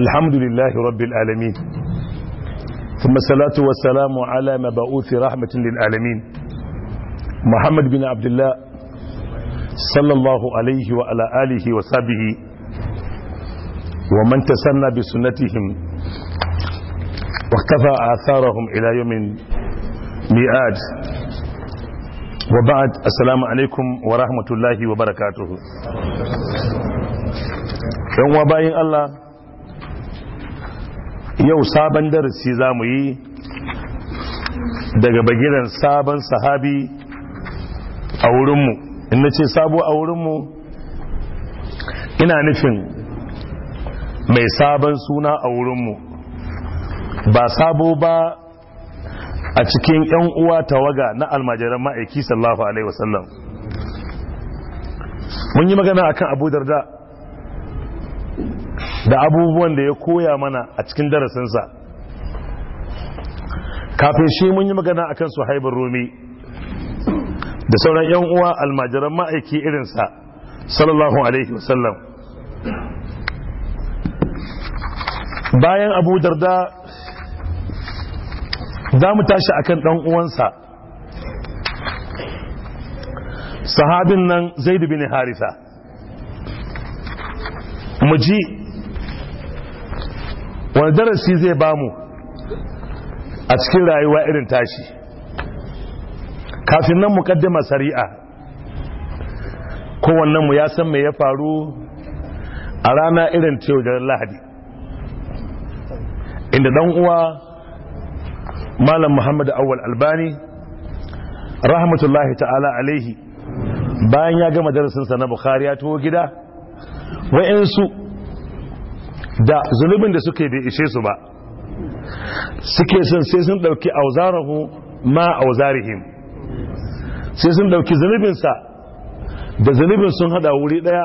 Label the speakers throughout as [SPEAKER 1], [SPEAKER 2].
[SPEAKER 1] الحمد لله رب العالمين ثم الصلاة والسلام على مبعوث رحمة للعالمين محمد بن عبد الله صلى الله عليه وعلى آله وصحبه ومن تسنى بسنتهم واقتفى آثارهم إلى يوم ميعاد وبعد السلام عليكم ورحمة الله وبركاته يوم وباين الله yau sabon darasi za mu yi daga bagiran sabon sahabi a wurinmu inda ce sabo a wurinmu ina nufin mai sabon suna a wurinmu ba sabo ba a cikin 'yan uwa tawaga na almajiran ma'aiki sallallahu alaihi wasallam mun yi magana akan abu darda da abubuwan da ya koya mana a cikin darasinsa kafin shi mun yi magana akan su haibar rumi da sauran yan uwa almajiran ma'aiki irinsa sallallahu alaihi wasallam bayan abu darda za mu tashi akan ɗan uwansa sahabin nan zaidu bin harisa mu ji wani darasi zai bamu a cikin rayuwa irin tashi kafin nan mu kaddama sari'a kowannen mu ya san mai ya faru a rana irin da lahadi inda dan uwa malam muhammad awal albani rahmatullahi ta'ala alaihi bayan ya gama darasinsa na bukhari ya tuwo gida wa'insu da zunubin da suke bai ishe su ba suke son sai sun dauki auzarahu ma auzarihim sai sun dauki zunubinsa da zunubin sun hada wuri daya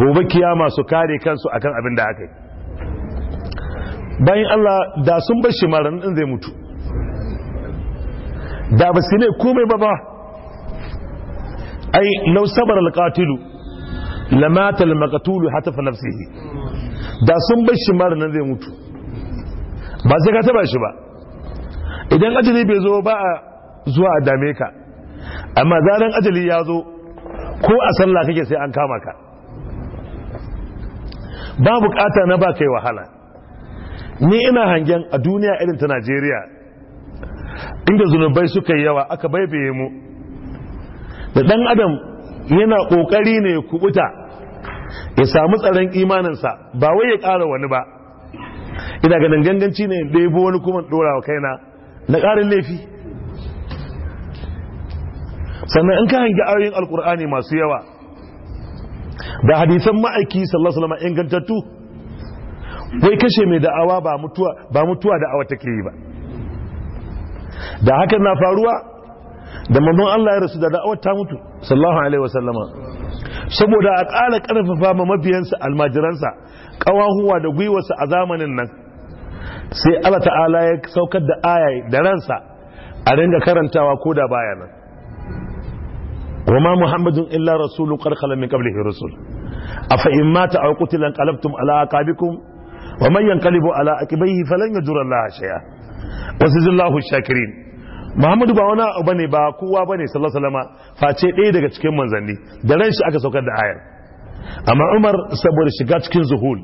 [SPEAKER 1] gobe kiyama su kare kansu akan abin da aka yi bayan Allah da sun bar shi maran din zai mutu da ba su ne komai ba ba ai lau sabar alqatilu lamata almaqtulu hatafa nafsihi da sun bar shi mara nan zai mutu ba sai ka taba shi ba idan ajali bai zo ba a zuwa a dame ka amma zaren ajali ya zo ko a sallah kake sai an kama ka ba bukata na ba kai wahala ni ina hangen a duniya irin ta najeriya inda zunubai suka yi yawa aka baibaye mu da dan adam yana kokari ne kubuta ya samu tsaron imaninsa ba wai ya ƙara wani ba ina ganin ganganci ne ɗebo wani kuma ɗora wa kaina na ƙarin laifi sannan in ka hangi ayoyin alkur'ani masu yawa da hadisan ma'aiki sallallahu alaihi ingantattu wai kashe mai da'awa ba mutuwa ba mutuwa da'awa take yi ba da hakan na faruwa da manzon Allah ya rasu da da'awar ta mutu sallallahu alaihi wasallama saboda a ƙara ƙarfafa ma mabiyansa almajiransa ƙawahuwa da gwiwarsa a zamanin nan sai Allah ta'ala ya saukar da aya da ransa a ringa karantawa ko da baya nan wa ma muhammadun illa rasulun qarqala min qablihi rusul afa in mata aw qutila qalabtum ala aqabikum wa man yanqalibu ala aqibaihi falan yadurra shay'a wasizillahu shakirin Muhammadu ba wani abu bane ba kowa bane sallallahu alaihi wasallam face ɗaya daga cikin manzanni da ran shi aka saukar da ayar amma Umar saboda shiga cikin zuhul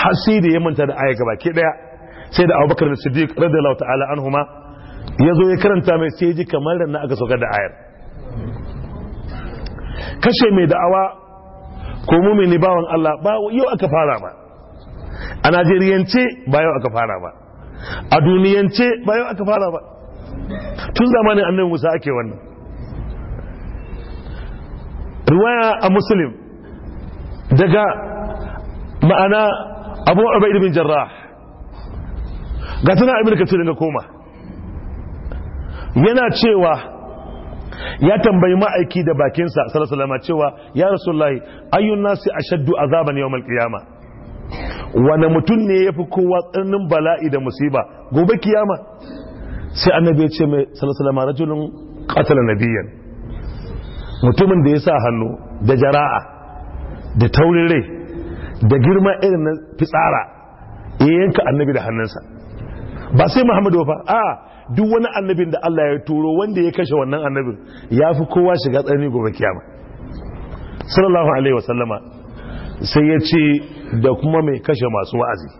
[SPEAKER 1] har sai da ya manta da ayar ke daya sai da Abubakar da Siddiq radiyallahu ta'ala anhuma ya zo ya karanta mai sai ji kamar ran aka saukar da ayar kashe mai da'awa ko mumini bawan Allah ba yau aka fara ba a Najeriyance ba yau aka fara ba a duniyance ba yau aka fara ba tun zamanin annabi musa ake wannan riwaya a muslim daga ma'ana abu abai bin jarrah ga suna abin kafin ga koma yana cewa ya tambayi ma'aiki da bakinsa salasalama cewa ya rasulullahi ayyun nasi ashaddu azaban yawmal qiyama wani mutum ne ya fi kowa tsananin bala'i da musiba gobe kiyama sai annabi ya ce mai salasalama rajulun katala nabiyan mutumin da ya sa hannu da jara'a da taurin rai da girma irin na fitsara ya yanka annabi da hannunsa ba sai muhammadu ba a duk wani annabin da Allah ya turo wanda ya kashe wannan annabin ya fi kowa shiga tsanani gobe kiyama sallallahu alaihi wasallama sai ya ce da kuma mai kashe masu wa'azi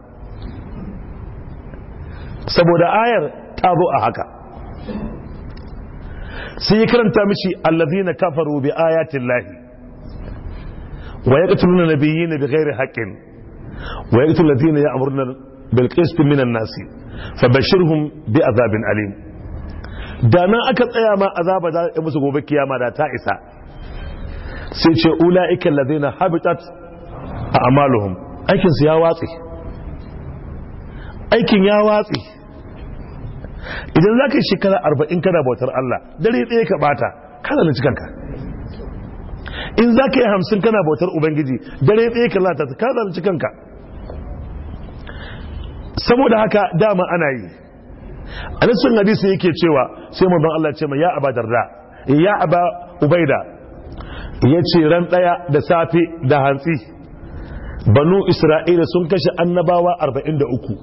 [SPEAKER 1] saboda ayar sabo a haka sai yi karanta mishi na kafaru bi ayatin lahi wa yaqtuluna nabiyina bighairi haqqin wa yaqtulu allazina ya'muruna bil qist minan nasi fabashirhum bi azabin alim da na aka tsaya ma azaba za ta musu gobe kiyama da ta isa sai ce ula ulaika allazina habitat a'maluhum aikin su ya watsi aikin ya watsi idan za ka yi shekara arba'in kana bautar Allah dare ɗaya ka bata kana da cikanka in za ka yi hamsin kana bautar ubangiji dare ɗaya ka lata ta kana da cikanka saboda haka dama ana yi a sun hadisi yake cewa sai manzon Allah ce ma ya aba darda ya aba ubaida ya ce ran ɗaya da safe da hantsi banu isra'ila sun kashe annabawa arba'in da uku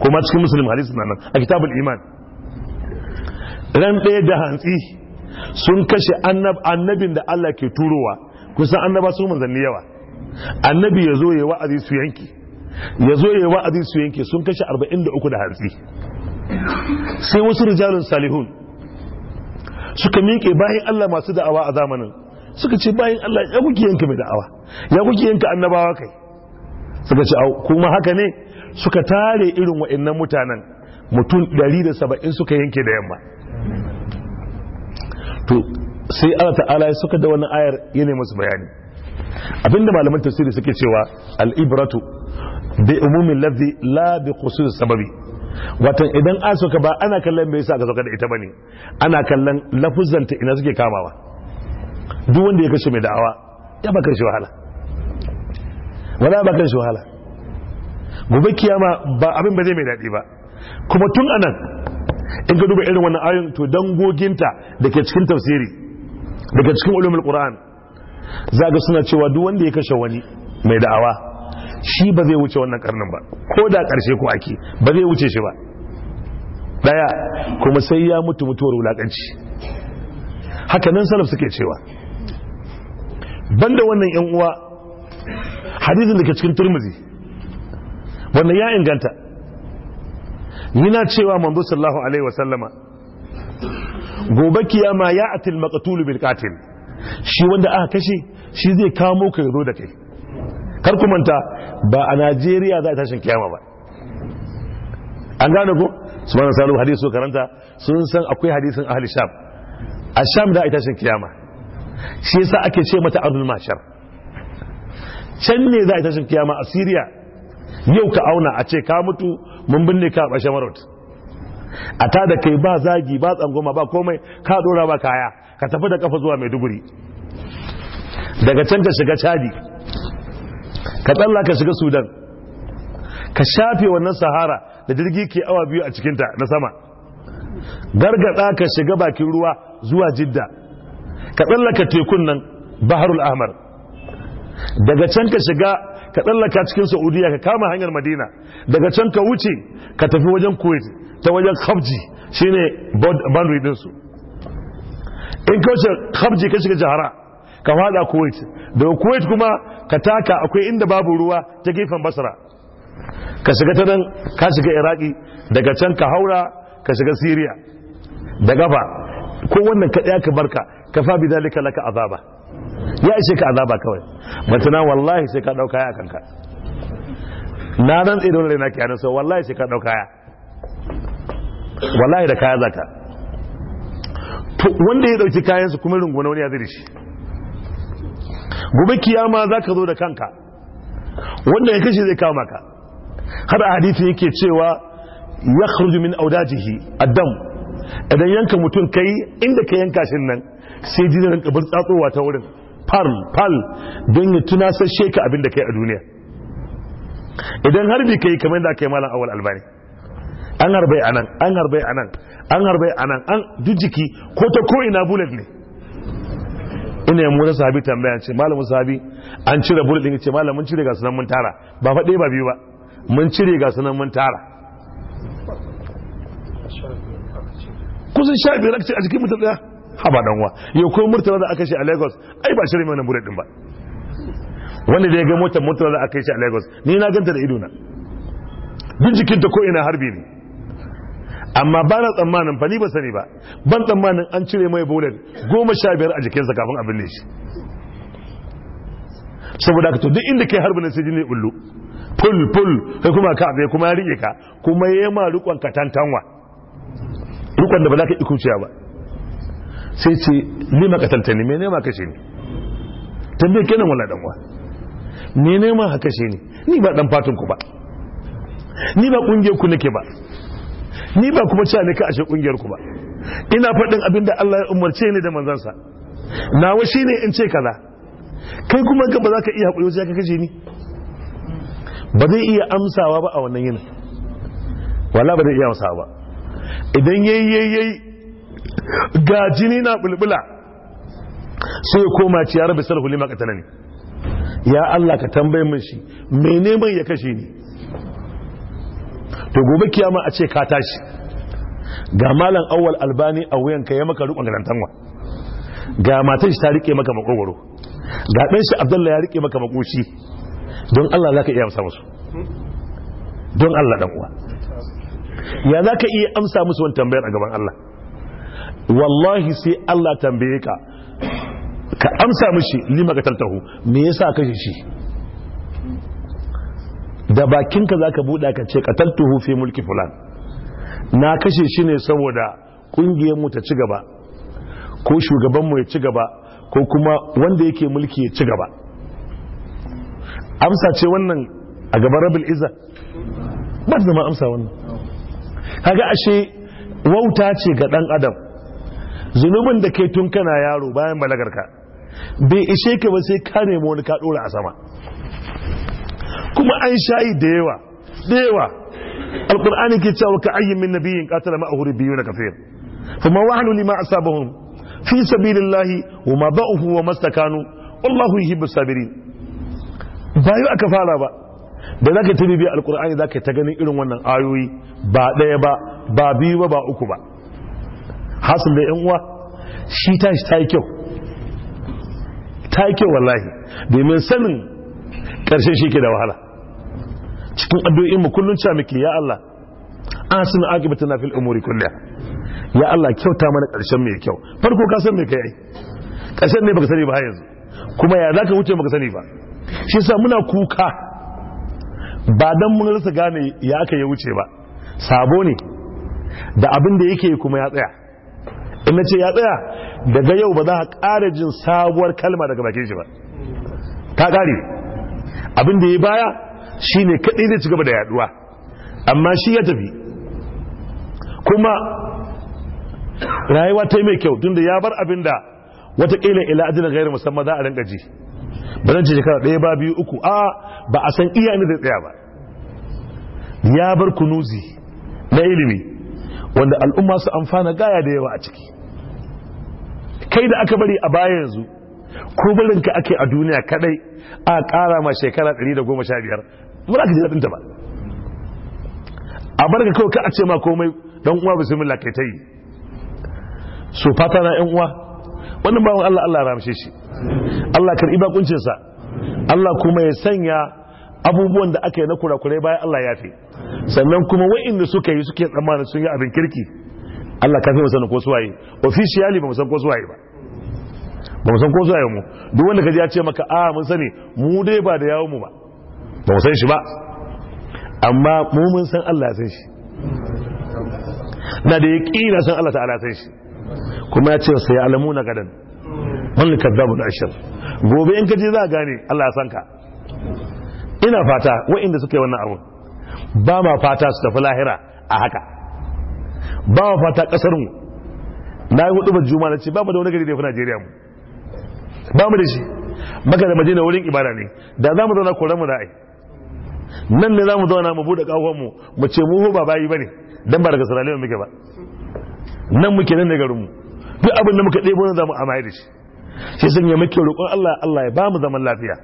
[SPEAKER 1] kuma cikin musulun hadisi na nan a kitabul iman ran ɗaya da hantsi sun kashe annabin da Allah ke turowa kusan annaba su manzanni yawa annabi ya zo ya wa'azi su yanki ya zo ya wa'azi su yanki sun kashe 43 da hantsi sai wasu rijalun salihun suka miƙe bayan Allah masu da'awa a zamanin suka ce bayan Allah ya kuke yanka mai da'awa ya kuke yanka annabawa kai suka ce kuma haka ne suka tare irin wa'annan mutanen mutum 170 suka yanke da yamma to sai Allah ta'ala ya suka da wannan ayar yana musu bayani abinda malaman tafsiri suke cewa al-ibratu bi umumin lafzi la bi khusus sababi watan idan an suka ba ana kallon bai sa ka sauka da ita bane ana kallon lafuzanta ina suke kamawa duk wanda ya kashe mai da'awa ya baka shi wahala wala baka shi wahala gobe kiyama ba abin ba zai mai daɗi ba kuma tun anan in ka duba irin wannan ayoyin to dangoginta da ke cikin tafsiri daga cikin ulumul qur'an za ga suna cewa duk wanda ya kashe wani mai da'awa shi ba zai wuce wannan karnin ba ko da karshe ko ake ba zai wuce shi ba daya kuma sai ya mutu mutuwar wulakanci haka nan salaf suke cewa banda wannan yan uwa hadisin da ke cikin turmuzi wannan ya inganta yana cewa manzo sallallahu alaihi wasallama gobe kiyama ya atil maqtul bil qatil shi wanda aka kashe shi zai kamo ka yazo da kai kar ku manta ba a Najeriya za a tashin kiyama ba an gane ko subhanahu salu hadisi karanta sun san akwai hadisin ahli sham a sham da a tashin kiyama shi yasa ake ce mata ardul mashar can ne za a tashin kiyama a Syria yau ka auna a ce ka mutu mun binne ka bashe marot a ta da kai ba zagi ba tsangoma ba komai ka dora ba kaya ka tafi da kafa zuwa mai duguri. daga can ka shiga chadi ka tsalla ka shiga sudan ka shafe wannan sahara da jirgi ke awa biyu a cikinta na sama gargada ka shiga bakin ruwa zuwa jidda ka tsallaka tekun nan baharul ahmar daga can ka shiga ka tsallaka cikin saudiya ka kama hanyar madina daga can ka wuce ka tafi wajen kuwait ta wajen kabji shine boundary dinsu in ka wuce kabji ka shiga jihara ka fada kuwait daga kuwait kuma ka taka akwai inda babu ruwa ta gefen basra ka shiga ta nan ka shiga iraki daga can ka haura ka shiga syria da gaba ko wannan ka ɗaya ka barka ka fa bi dalika laka azaba ya ishe ka azaba kawai batana wallahi sai ka dauka ya kanka na nan tsirin rai na kiyaye so wallahi sai ka dauka ya wallahi da kaya zaka ka. wanda ya dauki kayan su kuma runguna wani ya zai shi gobe kiyama ka zo da kanka wanda ya kashe zai kawo maka har a yake cewa ya min audajihi adam idan yanka mutum kai inda ka yanka shi nan sai jini rinka bar tsatsowa ta wurin fal fal don ya tuna ka abin da kai a duniya idan harbi kai kamar da aka yi malam awal albani an harbai anan an harbai anan an harbai anan an dujiki ko ta ko ina bullet ne ina yin wani sahabi tambaya ce malamin sahabi an cire bullet din ce malamin cire ga sunan mun tara ba faɗe ba biyu ba mun cire ga sunan mun tara kusan sha biyar a jikin mutum daya haba dan wa yau ko murtala da aka shi a lagos ai ba shirin mana buret din ba wanda da ya ga motar murtala da aka shi a lagos ni na ganta da idona na. jikin ta ko ina harbi ne amma ba na tsammanin fa ni ba sani ba ban tsammanin an cire mai bullet goma sha biyar a jikinsa kafin abin ne shi saboda ka to duk inda kai harbin sai jini ullu ful ful kai kuma ka abe kuma ya rike ka kuma ya ma rikon katantanwa rukun da ba za ka ikuciya ba sai ce lima katalta ne mene ma kashe ni tambayar kenan wala dan wa mene ma haka kashe ni ni ba dan fatan ku ba ni ba kungiyar ku nake ba ni ba kuma cewa ne ka ashe kungiyar ku ba ina faɗin abin da Allah ya umarce ni da na nawa shine in ce kaza kai kuma ga ba za ka iya hakuri wajen ka kashe ni ba zai iya amsawa ba a wannan yinin wala ba zai iya amsawa ba idan yayi yayi ga jini na bulbula sai ya koma ci ya rabi sarhu lima ne. ya Allah ka tambaye min shi mene ya kashe ni to gobe kiyama a ce ka tashi ga malam awwal albani a ka ya maka rukun garantanwa ga matan shi ta rike maka makogoro ga dan shi abdullahi ya rike maka makoshi don Allah zaka iya amsa musu don Allah dan uwa ya za ka iya amsa musu wani tambayar a gaban Allah wallahi sai Allah tambaye ka ka amsa ni lima ka tartahu. me yasa kashe shi da bakinka za ka buɗa ka ce kataltuhu fi mulki fulan na kashe shi ne saboda ƙungiyarmu ta ci gaba ko shugabanmu ya ci gaba ko kuma wanda yake mulki ya ci gaba amsa ce wannan a gaban rabil iza ba zama amsa wannan kaga ashe wauta ce ga dan adam zunubin da ke tun kana yaro bayan balagarka bai ishe ka ba sai ka nemi wani ka dora a sama kuma an shayi da yawa da yawa alqur'ani ke cewa ka ayyin min nabiyyin qatala ma'ahu rubiyuna kafir ma wahanu lima asabahum fi sabilillahi wa ma ba'uhu wa mastakanu wallahu yuhibbu sabirin bayu aka fara ba da zaka tuni bibiya alkur'ani zaka ta ganin irin wannan ayoyi ba ɗaya ba ba biyu ba ba uku ba hasin da yan uwa shi ta shi ta yi kyau ta yi kyau wallahi domin sanin ƙarshen shi ke da wahala cikin addu'o'in mu kullun cewa muke ya Allah an sun na fil umuri kulliha ya Allah kyauta mana ƙarshen mai kyau farko ka san me kai ai ƙarshen ne baka sani ba yanzu kuma ya zaka wuce baka sani ba shi yasa muna kuka ba don mun rasa gane ya aka yi wuce ba sabo ne da abin da yake kuma ya tsaya ina ce ya tsaya daga yau ba za a ƙara jin sabuwar kalma daga bakin shi ba ta ƙare abin da ya baya shi ne kaɗai cigaba ci gaba da yaduwa amma shi ya tafi kuma rayuwa ta yi mai kyau tun da ya bar abin da wataƙila ila ajiyar gairar musamman za a rinka ji ba zan ce shekara ɗaya ba biyu uku a ba a san iya inda tsaya ba ya bar kunuzi na ilimi wanda al'umma su amfana gaya da yawa a ciki kai da aka bari a baya yanzu ko barinka ake a duniya kadai a kara ma shekara 115 mura ka ji daɗin ba a barka kawai ka a ce ma komai don uwa mila kai ta yi so fata na yan uwa wannan bawon Allah Allah ramshe shi Allah karɓi bakuncinsa Allah kuma ya sanya abubuwan da aka yi na kurakurai bayan Allah ya fi sannan kuma wa'inda suka yi suke tsammanin sun yi abin kirki Allah kafin mu sanin ko suwaye officially ba mu san ko suwaye ba ba mu san ko suwaye mu duk wanda kaji ya ce maka a mun sani mu dai ba da yawo mu ba ba mu san shi ba amma mu mun san Allah ya san shi na da yaqina san Allah ta'ala san shi kuma ya ce sai alamuna gadan wannan da ashir gobe in ka je za gane Allah ya san ka ina fata wa'inda suka yi wannan abun ba ma fata su tafi lahira a haka ba ma fata kasar mu na yi hudu juma na ce ba mu da wani gari da yafi Najeriya mu ba mu da shi maka da madina wurin ibada ne da za mu zauna kore mu da nan ne za mu zauna mu buɗe ƙahon mu mu ce mu ba bayi bane dan ba daga saralewa muke ba nan muke nan ne garin mu duk abin da muka ɗebo nan za mu amaye da shi sai sun ya muke roƙon Allah Allah ya ba mu zaman lafiya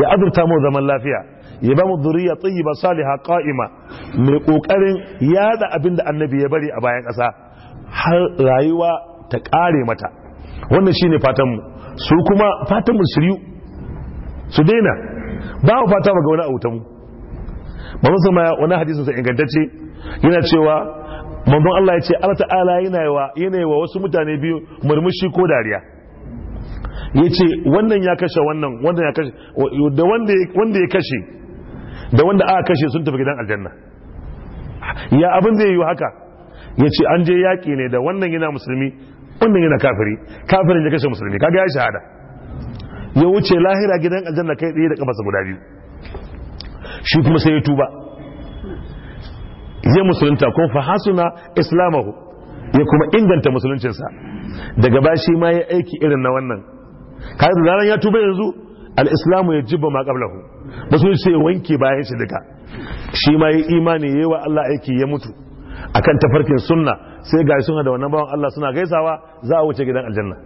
[SPEAKER 1] ya azurta mu zaman lafiya ya ba bamu zuriya tayyiba salihah qa'ima mai kokarin yada abin da annabi ya bari a bayan ƙasa har rayuwa ta ƙare mata wannan shine fatan mu su kuma fatan mu shiryu su daina ba mu fata mu ga wani autan mu ba san ma wani hadisin sa ingantacce yana cewa manzon Allah ya ce Allah ta'ala yana yana wa wasu mutane biyu murmushi ko dariya ya ce wannan ya kashe wannan wannan ya kashe da wanda ya kashe da wanda aka kashe sun tafi gidan aljanna ya abin zai yi haka ya ce an je yaƙi ne da wannan yana musulmi wannan yana kafiri kafirin ya kashe musulmi kaga ya shahada ya wuce lahira gidan aljanna kai tsaye da kafasa guda biyu shi kuma sai ya tuba ya musulunta kuma fa hasuna islamahu ya kuma inganta musuluncinsa daga bashi ma ya aiki irin na wannan kai da zaran ya tuba yanzu al ya jibba ma ba musulunci sai wanke bayan shi duka shi ma yi imani yayi wa Allah aiki ya mutu akan tafarkin sunna sai ga suna da wannan bawan Allah suna gaisawa za a wuce gidan aljanna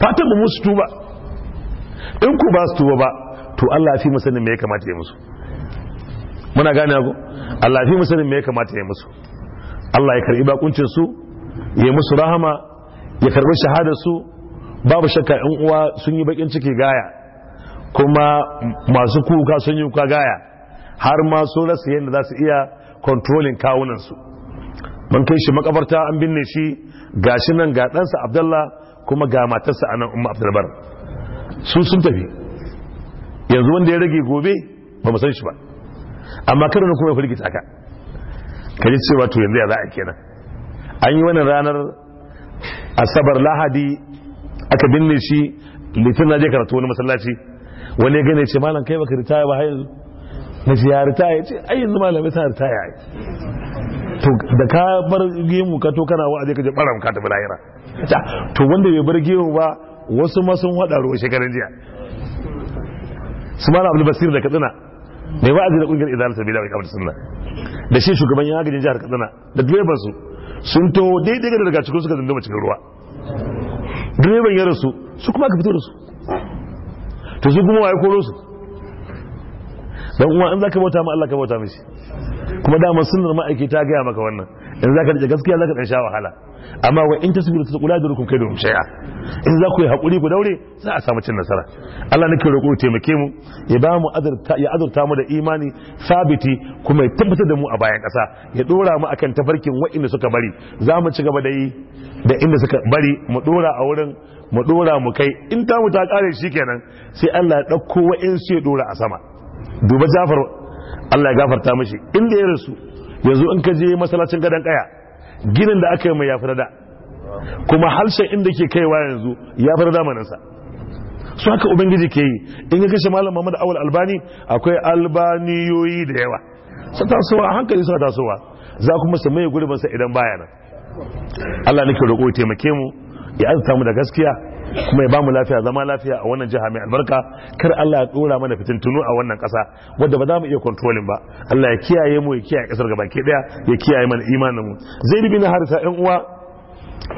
[SPEAKER 1] fatan ba musu tuba in ku ba su tuba ba to Allah fi musanin me ya kamata ya musu muna gane ku Allah fi musanin me ya kamata ya musu Allah ya karbi bakuncin su ya musu rahama ya karɓi shahadar su babu shakka in uwa sun yi bakin ciki gaya kuma masu kuka sun yi kuka gaya har ma su rasu yadda za su iya kontrolin kawunansu mun kai shi makabarta an binne shi Ga shi nan ga ɗansa abdallah kuma ga matarsa a nan umma abdulbar su sun tafi yanzu wanda ya rage gobe ba mu san shi ba amma kada na kuma ya firgita ka kaji cewa to yanzu ya za a kenan an yi wani ranar asabar lahadi aka binne shi litin na je karatu wani masallaci wani ya gane ce malam kai baka ritaya ba yanzu na ce ya ritaya ce ai yanzu malamai ta ritaya ai to da ka bar gemu ka to kana wa'azi ka je baram ka tafi lahira to wanda bai bar gemu ba wasu ma sun hada ruwa shekaran jiya su malam abdul basir da katsina mai wa'azi da kungiyar idan sabila wa kamar sunna da shi shugaban yan agajin jihar katsina da direban su sun to daidai ga daga cikin suka zunduma cikin ruwa direban ya rasu su kuma aka fito da su Ta su kuma waye koro su dan uwa an zaka bauta ma Allah ka bauta mishi kuma da man sunnar ma'aiki ta gaya maka wannan in zaka dace gaskiya zaka dan sha wahala amma wa in da rukun kai kaydum shay'a in za ku yi hakuri ku daure za a samu cin nasara Allah nake roƙo taimake mu ya ba mu azurta ya azurta mu da imani sabiti kuma ya tabbatar da mu a bayan ƙasa ya dora mu akan tafarkin wa'inda suka bari za mu ci gaba da yi da inda suka bari mu dora a wurin mu dora mu kai in ta mu ta kare kenan sai Allah ya dauko wa'ansu ya dora a sama duba Jafar Allah ya gafarta mishi inda ya rasu yanzu in ka je masallacin gadan kaya ginin da aka yi mai yafi da kuma halshen inda ke kaiwa yanzu ya fi zamanin sa su haka ubangiji ke yi in ka kashe malam Muhammad Awal Albani akwai albaniyoyi da yawa sun tasowa hankali suna tasowa za kuma su mai sa idan baya nan Allah nake roƙo ya taimake mu ya azurta mu da gaskiya kuma ya mu lafiya zama lafiya a wannan jiha mai albarka kar Allah ya dora mana fitintunu a wannan ƙasa wadda ba za mu iya kontrolin ba Allah ya kiyaye mu ya kiyaye ƙasar gaba ke daya ya kiyaye mana imanin mu zaid bin harisa ɗan uwa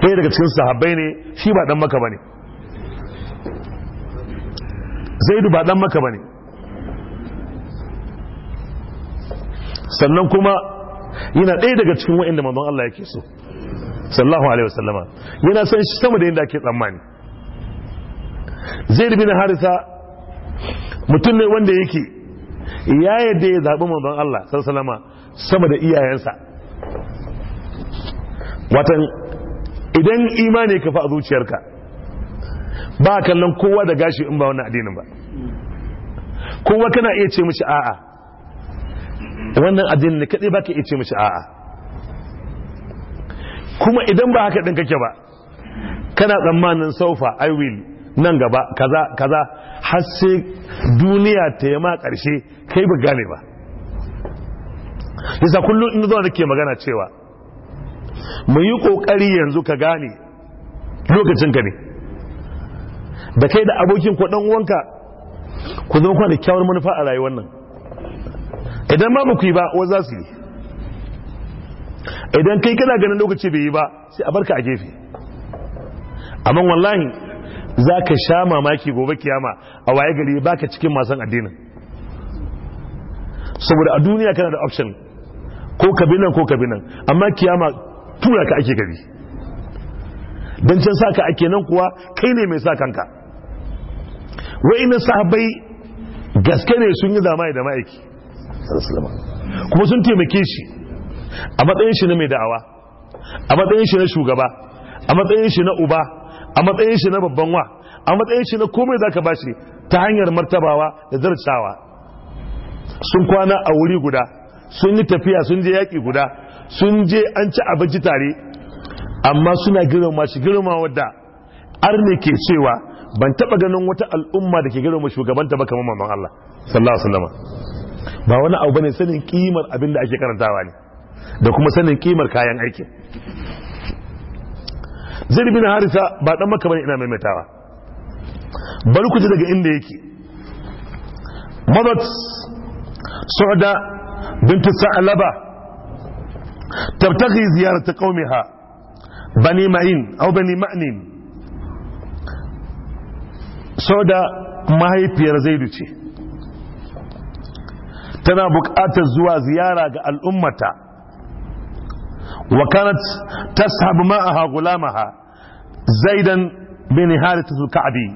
[SPEAKER 1] ɗaya daga cikin sahabbai ne shi ba dan maka bane zaid ba dan maka bane sannan kuma yana ɗaya daga cikin wa'inda manzon Allah yake so sallallahu alaihi wasallama yana son shi sama da yadda ake tsammani zaid bin harisa mutum ne wanda yake ya yadda ya zaɓi manzon Allah sallallahu sama da iyayensa watan idan imani ka fa a zuciyarka ba kallon kowa da gashi in ba wannan addinin ba kowa kana iya ce mishi a'a wannan addinin ne kadai baka iya ce mishi a'a kuma idan ba haka ɗin kake ba kana tsammanin saufa i will nan gaba kaza kaza har sai duniya ta yi ma ƙarshe kai ba gane ba nisa kullum in zuwa nake magana cewa mu yi ƙoƙari yanzu ka gane lokacinka ne da kai da abokin ko wanka ku zama kwanakyawar manufa a rayuwar nan idan ma ba ku yi ba wa za su yi idan kai kana ganin lokaci bai yi ba sai a barka a gefe amma wallahi za ka sha mamaki gobe kiyama a waye gari baka cikin masan addinin saboda a duniya kana da option ko ka bi ko ka bi amma kiyama tura ka ake gari don can saka ake nan kuwa kai ne mai sa kanka wa'innan sahabbai gaske ne sun yi zama da ma'aiki kuma sun taimake shi a matsayin shi na mai da'awa a matsayin shi na shugaba a matsayin shi na uba a matsayin shi na babban wa a matsayin shi na komai zaka ba shi ta hanyar martabawa da zartawa sun kwana a wuri guda sun yi tafiya sun je yaƙi guda sun je an ci abinci tare amma suna girma shi girma wadda arne ke cewa ban taɓa ganin wata al'umma da ke girma shugabanta ba kamar mamman Allah sallallahu alaihi wasallam ba wani abu bane sanin kimar abin da ake karantawa ne da kuma sanin kimar kayan aikin zai bin harisa ba dan maka bane ina maimaitawa bari ku ji daga inda yake madat su'da bint sa'laba tabtaghi ziyarat qaumiha bani ma'in aw bani ma'nin su'da mahaifiyar zaidu ce tana buƙatar zuwa ziyara ga al'ummata wa kanat tashabu ma'aha gulamaha zaidan bin harithah al-ka'bi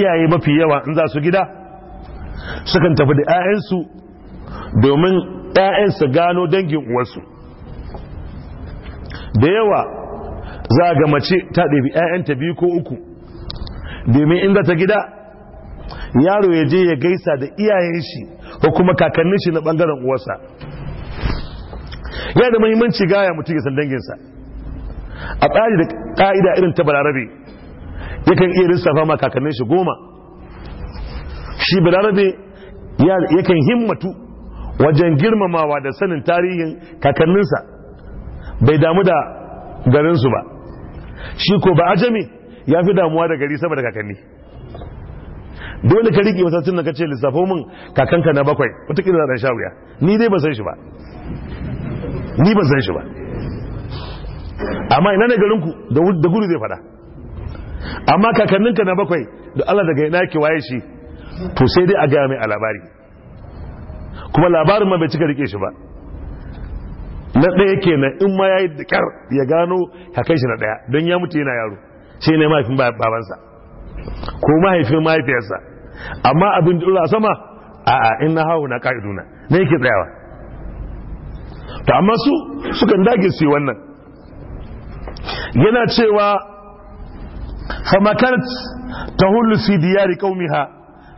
[SPEAKER 1] iyaye mafi yawa in za su gida sukan tafi da 'ya'yansu domin 'ya'yansa gano dangin uwarsu da yawa za ga mace ta ɗabi 'ya'yanta biyu ko uku domin za ta gida yaro ya je ya gaisa da iyayen shi ko kuma kakannin shi na ɓangaren uwarsa yana da muhimmanci gaya mutum ya san danginsa a tsari da ka'ida irin ta balarabe yakan iya lissafa ma kakannin shi goma shi balarabe yakan himmatu wajen girmamawa da sanin tarihin kakanninsa bai damu da garinsu ba shi ko ba ajami ya fi damuwa da gari saboda kakanni dole ka riƙe masassun na kace lissafo min kakanka na bakwai wata na ɗan sha wuya ni dai ba san shi ba ni ban san shi ba amma ina ne garin ku da gudu zai fada amma kakanninka na bakwai da Allah daga ina yake waye shi to sai dai a gaya mai a labari kuma labarin ma bai cika rike shi ba na ɗaya kenan in ma yayi da kyar ya gano kakai shi na ɗaya don ya mutu yana yaro sai ne mahaifin babansa ko mahaifin mahaifiyarsa amma abin da sama a'a in na hawo na ka'iduna ne yake tsayawa to amma su sukan dage su wannan yana cewa famakanat ta hullu fi diyari qaumiha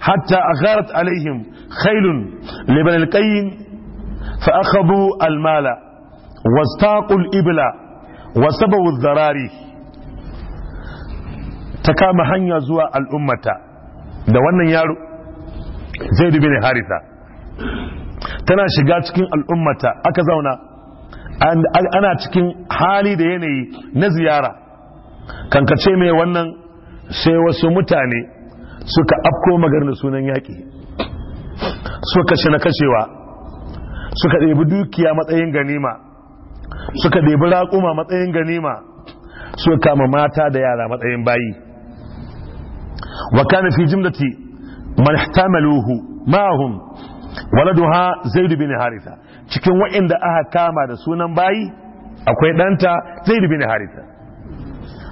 [SPEAKER 1] hatta agharat alaihim khailun liban alqayn fa akhadhu almala wastaqu alibla wasabu Zarari, ta kama hanya zuwa al'ummata da wannan yaro zai ne harita tana shiga cikin al'ummata aka zauna ana cikin hali da yanayi na ziyara kankace mai wannan sai wasu mutane suka afko magar da sunan yaƙi suka shi na kashewa suka ɗebi dukiya matsayin ganima suka ɗebi raƙuma matsayin ganima suka kama mata da yara matsayin bayi wa kana fi jimlati man ihtamaluhu ma'ahum waladuha zaid bin haritha cikin wa'inda aka kama da sunan bayi akwai ɗanta zaid bin haritha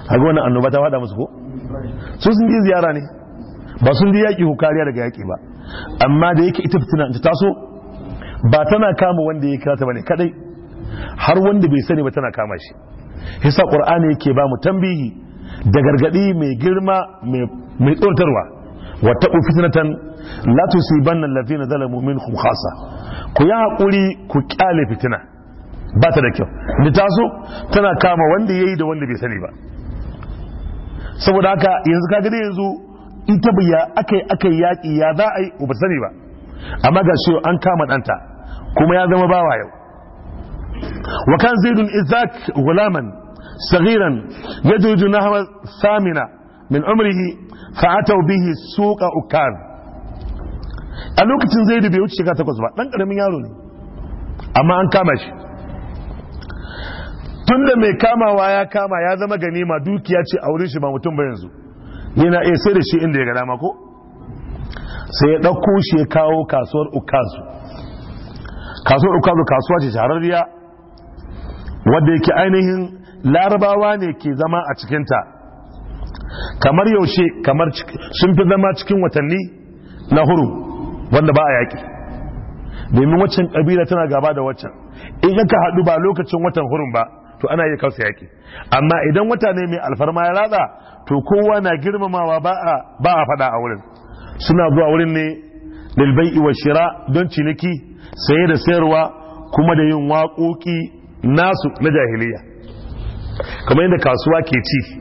[SPEAKER 1] haka wannan annoba ta faɗa musu ko su sun je ziyara ne ba sun je yaƙi ko kariya daga yaki ba amma da yake ita fitina ta taso ba tana kama wanda ya kata bane kadai har wanda bai sani ba tana kama shi hisa qur'ani yake ba mu tambihi da gargadi mai girma mai tsortarwa wattaqu fitnatan la tusibanna allazina zalamu minkum khassa ku yi haƙuri ku kyale fitina ba ta da kyau da taso tana kama wanda yayi da wanda bai sani ba saboda haka yanzu ka gani yanzu in ta biya akai akai yaki ya za a yi ba sani ba amma ga shi an kama ɗanta kuma ya zama bawa yau wa kan zaidun izak gulaman sagiran yajuju nahwa samina min umrihi fa'atau bihi suqa ukar a lokacin zaidu bai wuce shekara takwas ba dan karamin yaro ne amma an kama shi tunda mai kamawa ya kama ya zama ganima dukiya ce a wurin shi ba mutum ba yanzu yana iya sai da shi inda ya ga dama ko sai ya ɗauko shi ya kawo kasuwar ukazu kasuwar ukazu kasuwa ce shahararriya wadda yake ainihin larabawa ne ke zama a cikinta kamar yaushe kamar sun fi zama cikin watanni na huru wanda ba a yaƙi domin waccan ƙabila tana gaba da waccan in ka haɗu ba lokacin watan hurun ba to ana iya kausa yaƙi amma idan wata ne mai alfarma ya ratsa to kowa na girmamawa ba a faɗa a wurin suna zuwa wurin ne lilbai wa shira don ciniki saye da sayarwa kuma da yin waƙoƙi nasu na jahiliya kamar yadda kasuwa ke ci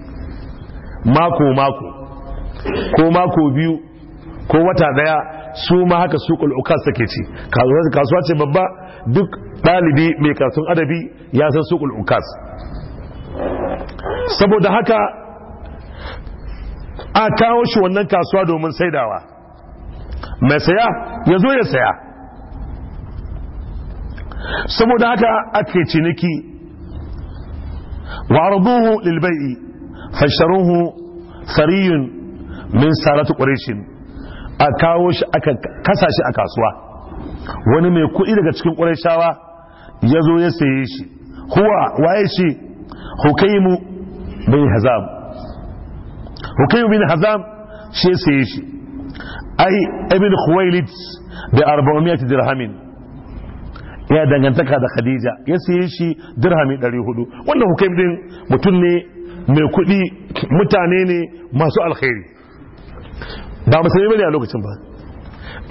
[SPEAKER 1] mako mako ko mako biyu ko wata daya su ma haka su ukas suke ci kasuwa ce babba duk dalibi mai kasuwan adabi ya san su ukas saboda haka a kawo shi wannan kasuwa domin saidawa mai saya ya zo ya saya saboda haka ake ciniki wa arduhu lil fasharuhu sariyun min saratu ƙwarishin a shi aka kasa shi a kasuwa wani mai kuɗi daga cikin ƙwarishawa ya zo shi huwa waye hukaimu bin hazam hukaimu bin hazam shi ya saye shi ai ibn khuwailid da 400 dirhamin ya dangantaka da khadija ya saye shi dirhami 400 wannan hukaim din mutum ne mai kuɗi mutane ne masu alkhairi ba musulmi bane a lokacin ba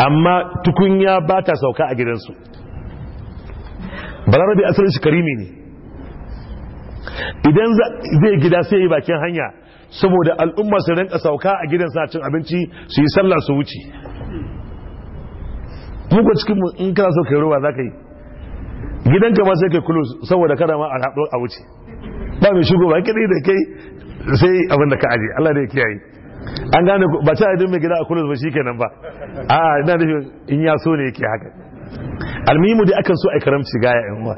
[SPEAKER 1] amma tukunya ba ta sauka a gidansu balarabe asirin shi karimi ne idan zai gida sai yi bakin hanya saboda al'umma su rinka sauka a gidan sa cin abinci su yi sallah su wuce muka cikin in kana so kai ruwa za ka yi gidanka ma sai kai kulu saboda kada ma a wuce ba mai shigo ba kadai da kai sai abin da ka aje Allah da ya kiyaye an gane ba ta idan mai gida a kula ba shi kenan ba a ina da in ya so ne yake haka almihimu dai akan so ai karamci gaya yan uwa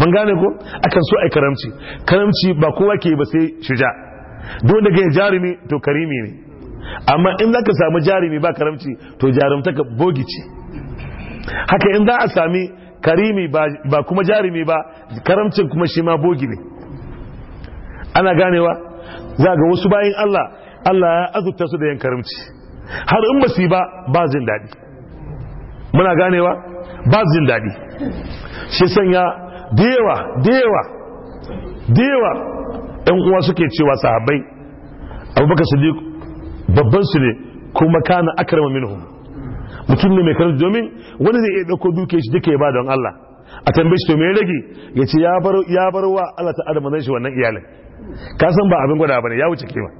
[SPEAKER 1] mun gane ko akan so ai karamci karamci ba kowa ke ba sai shuja duk da ga jarumi to karimi ne amma in zaka samu jarumi ba karamci to jarumta ka bogi ce haka in za a sami karimi ba kuma jarumi ba karamcin kuma shi ma bogi ne ana ganewa za ga wasu bayan Allah Allah ya azurta su da yan karamci har in basu ba ba zin daɗi muna ganewa ba zin daɗi shi sanya dewa dewa dewa yan uwa suke cewa sahabbai abubakar sadiq babban su ne kuma kana akrama minhum mutum ne mai karamci domin wani zai iya dauko duke shi duka ya ba don Allah a tambayi shi to me rage ya ce ya bar wa Allah ta'ala zai shi wannan iyalin Kasan ba abin gwada ba ne ya wuce kima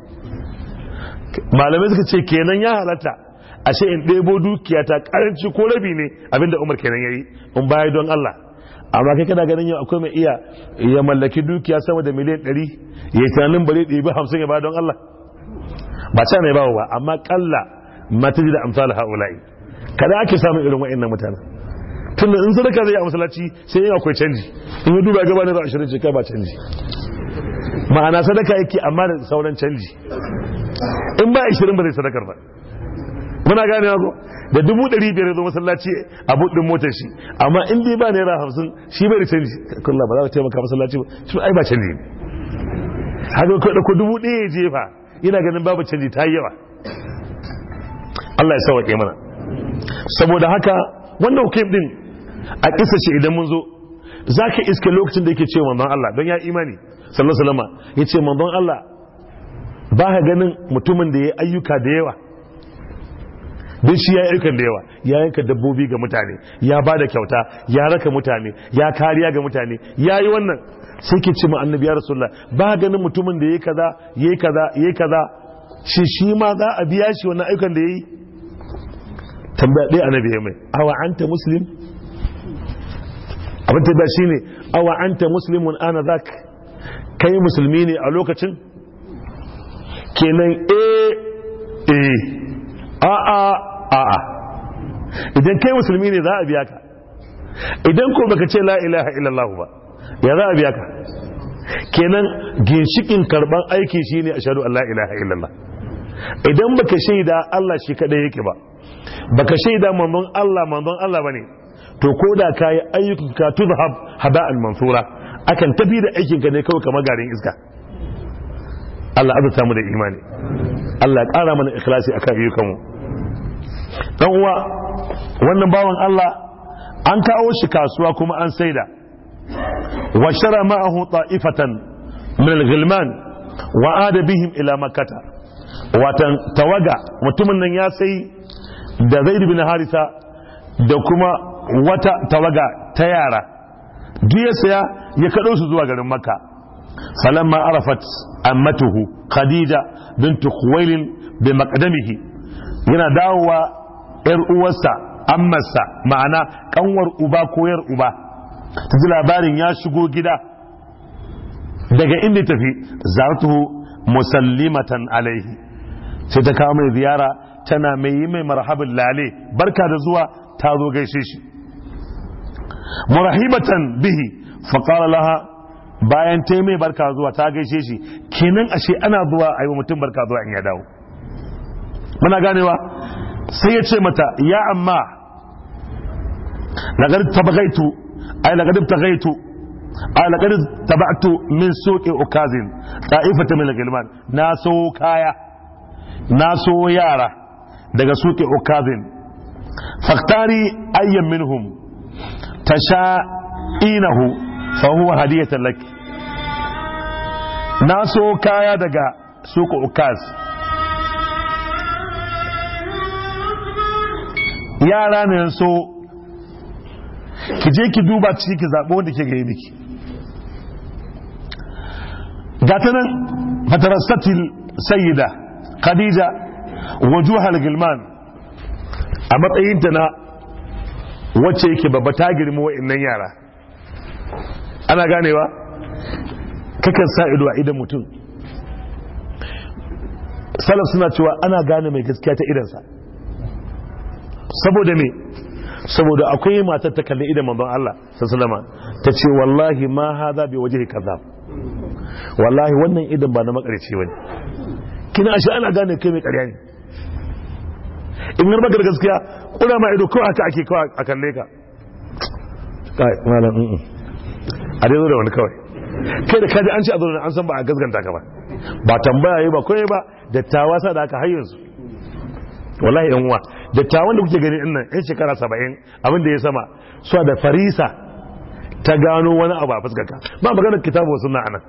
[SPEAKER 1] malamai suka ce kenan ya halatta A ashe in ɗebo dukiya ta karanci ko rabi ne abinda umar kenan ya yi. in baya don Allah amma kai kana ganin yau akwai mai iya ya mallaki dukiya sama da miliyan ɗari. ya yi tunanin bare ɗebi hamsin ya ba don Allah ba can mai bawa ba amma kalla matari da amsal haula'i kada ake samun irin wa'annan mutanen tunda in sadaka zai yi a masallaci sai yin akwai canji in yi duba gaba za a shirin kai ba canji ma'ana sadaka yake amma da sauran canji in ba 20 ba zai sadakar ba muna gane ko da dubu ɗari biyar zo masallaci a buɗin motar shi amma in dai ba naira hamsin shi bai da canji kulla ba za ka taimaka masallaci ba shi ai ba canji ne haka ko ɗauko dubu ɗaya jefa ina ganin babu canji ta yi yawa Allah ya sauwaƙe mana saboda haka wannan hukum din a kisa shi idan mun zo za ka iske lokacin da yake ce manzon Allah don ya imani sallallahu alaihi wasallam ya ce manzon Allah ba ka ganin mutumin da ya ayyuka da yawa don shi ya ayyukan da yawa ya yanka dabbobi ga mutane ya ba da kyauta ya raka mutane ya kariya ga mutane ya yi wannan sai ke ce ma annabi ya rasulullah ba ganin mutumin da ya kaza ya kaza ya kaza shi shi ma za a biya shi wannan ayyukan da ya yi tambaya ɗaya annabi ya mai awa anta muslim abin ta shi ne awa anta muslimun ana zak kai musulmi ne a lokacin kenan a eh, eh a a a a idan kai musulmi ne za a biya ka idan ko baka ce la ilaha illallah ba ya za a biya ka kenan ginshikin karban aiki shine ashhadu a la ilaha illallah idan baka shaida Allah shi kadai yake ba baka shaida manzon Allah manzon Allah ba ne. to ko da ka yi ayyukan ka tuzhab haba'an mansura akan tafi da aikin ka ne kawai kamar garin iska Allah azu samu da imani Allah ya ƙara mana ikhlasi akan ayyukan mu dan uwa wannan bawan Allah an kawo shi kasuwa kuma an saida wa shara ma'ahu ta'ifatan min al-ghilman wa ada bihim ila makkata watan tawaga mutumin nan ya sai da zaid bin harisa da kuma wata tawaga ta yara duk ya saya ya kaɗo su zuwa garin makka falamma arafat ammatuhu khadija bint khuwailin bi maqdamihi yana dawowa yar uwarsa ammarsa ma'ana kanwar uba ko yar uba ta labarin ya shigo gida daga inda tafi zartuhu musallimatan alaihi sai ta kawo mai ziyara tana mai yi mai marhabin lale barka da zuwa ta zo gaishe shi murahibatan bihi faqala laha bayan ta mai barka zuwa ta gaishe shi kenan ashe ana zuwa ayi mutum barka zuwa in ya dawo muna ganewa sai ya ce mata ya amma lagar tabagaitu ai lagar tabagaitu ai lagar tabatu min soke okazin ta'ifata min gilman na so kaya na so yara daga soke okazin faktari ayyan minhum tasha'inahu fa huwa hadiyatan lak na so kaya daga suku ukaz yara ne so ki je ki duba ciki ki zabo wanda ke gaya miki gata nan fatarastatil sayyida khadija wajuhal gilman a matsayinta na wacce yake babba ta girma wa'annan yara ana ganewa kakan sa ido a idan mutum salaf suna cewa ana gane mai gaskiya ta idansa saboda me saboda akwai matar ta kalli idan manzon Allah sallama ta ce wallahi ma hada bi wajhi kadhab wallahi wannan idan ba na makarci bane kina ashe ana gane kai mai ƙarya ne in har baka da gaskiya kura ma ido a ta ake kawai a kalle ka kai malam in a dai zo da wani kawai kai da kaji an ce a zuwa an san ba a gaskanta ka ba ba tambaya yi ba koyi ba dattawa sa da aka har su. wallahi yan uwa dattawan da kuke gani nan yan shekara saba'in abinda ya sama su da farisa ta gano wani abu a fuskarka ba maganar kitabu suna anan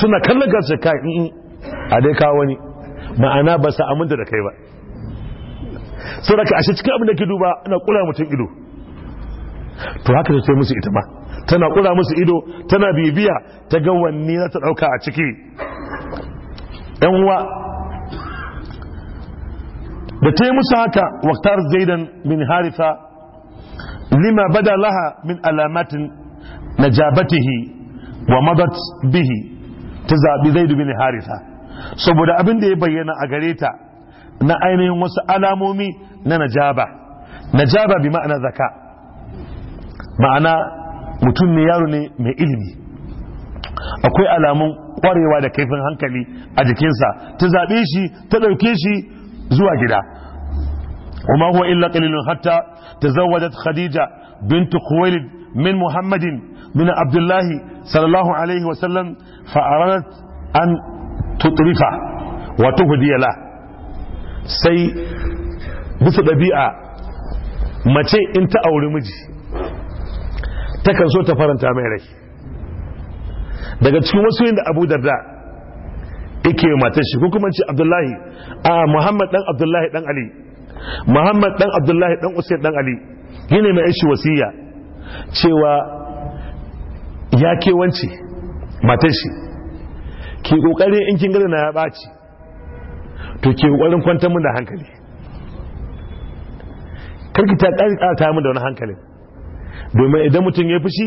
[SPEAKER 1] suna kallon kansu kai a dai kawo wani ma'ana ba sa aminta da kai ba sau da ka ashe cikin abin da ke duba ana kula mutum ido to haka sai musu ita ba tana kula musu ido tana bibiya ta ga wanne za ta dauka a ciki yan uwa da ta yi musu haka waktar zaidan bin harifa lima bada laha min alamatin na jabatihi wa madat bihi ta zaɓi zaidu bin harifa saboda abin da ya bayyana a gare ta na ainihin wasu alamomi na najaba najaba bi ma'ana zaka ma'ana mutum ne yaro ne mai ilimi akwai alamun kwarewa da kaifin hankali a jikinsa ta zaɓe shi ta ɗauke shi zuwa gida وما هو إلا قليل حتى تزوجت خديجة بنت خويلد من محمد من عبد الله صلى الله عليه وسلم فأرادت أن تطرفه وتهدي له sai bisa ɗabi'a mace in ta auri miji takan so ta faranta mai rai daga cikin wasu yin da abu darda ike matar shi ko kuma abdullahi a muhammad dan abdullahi dan ali muhammad dan abdullahi dan usain dan ali yine mai aishi wasiya cewa ya kewanci matar shi ki kokari in kin gada na ya ɓaci to ke ƙwarin kwantar mun da hankali karki ta ta mun da wani hankalin domin idan mutum ya fushi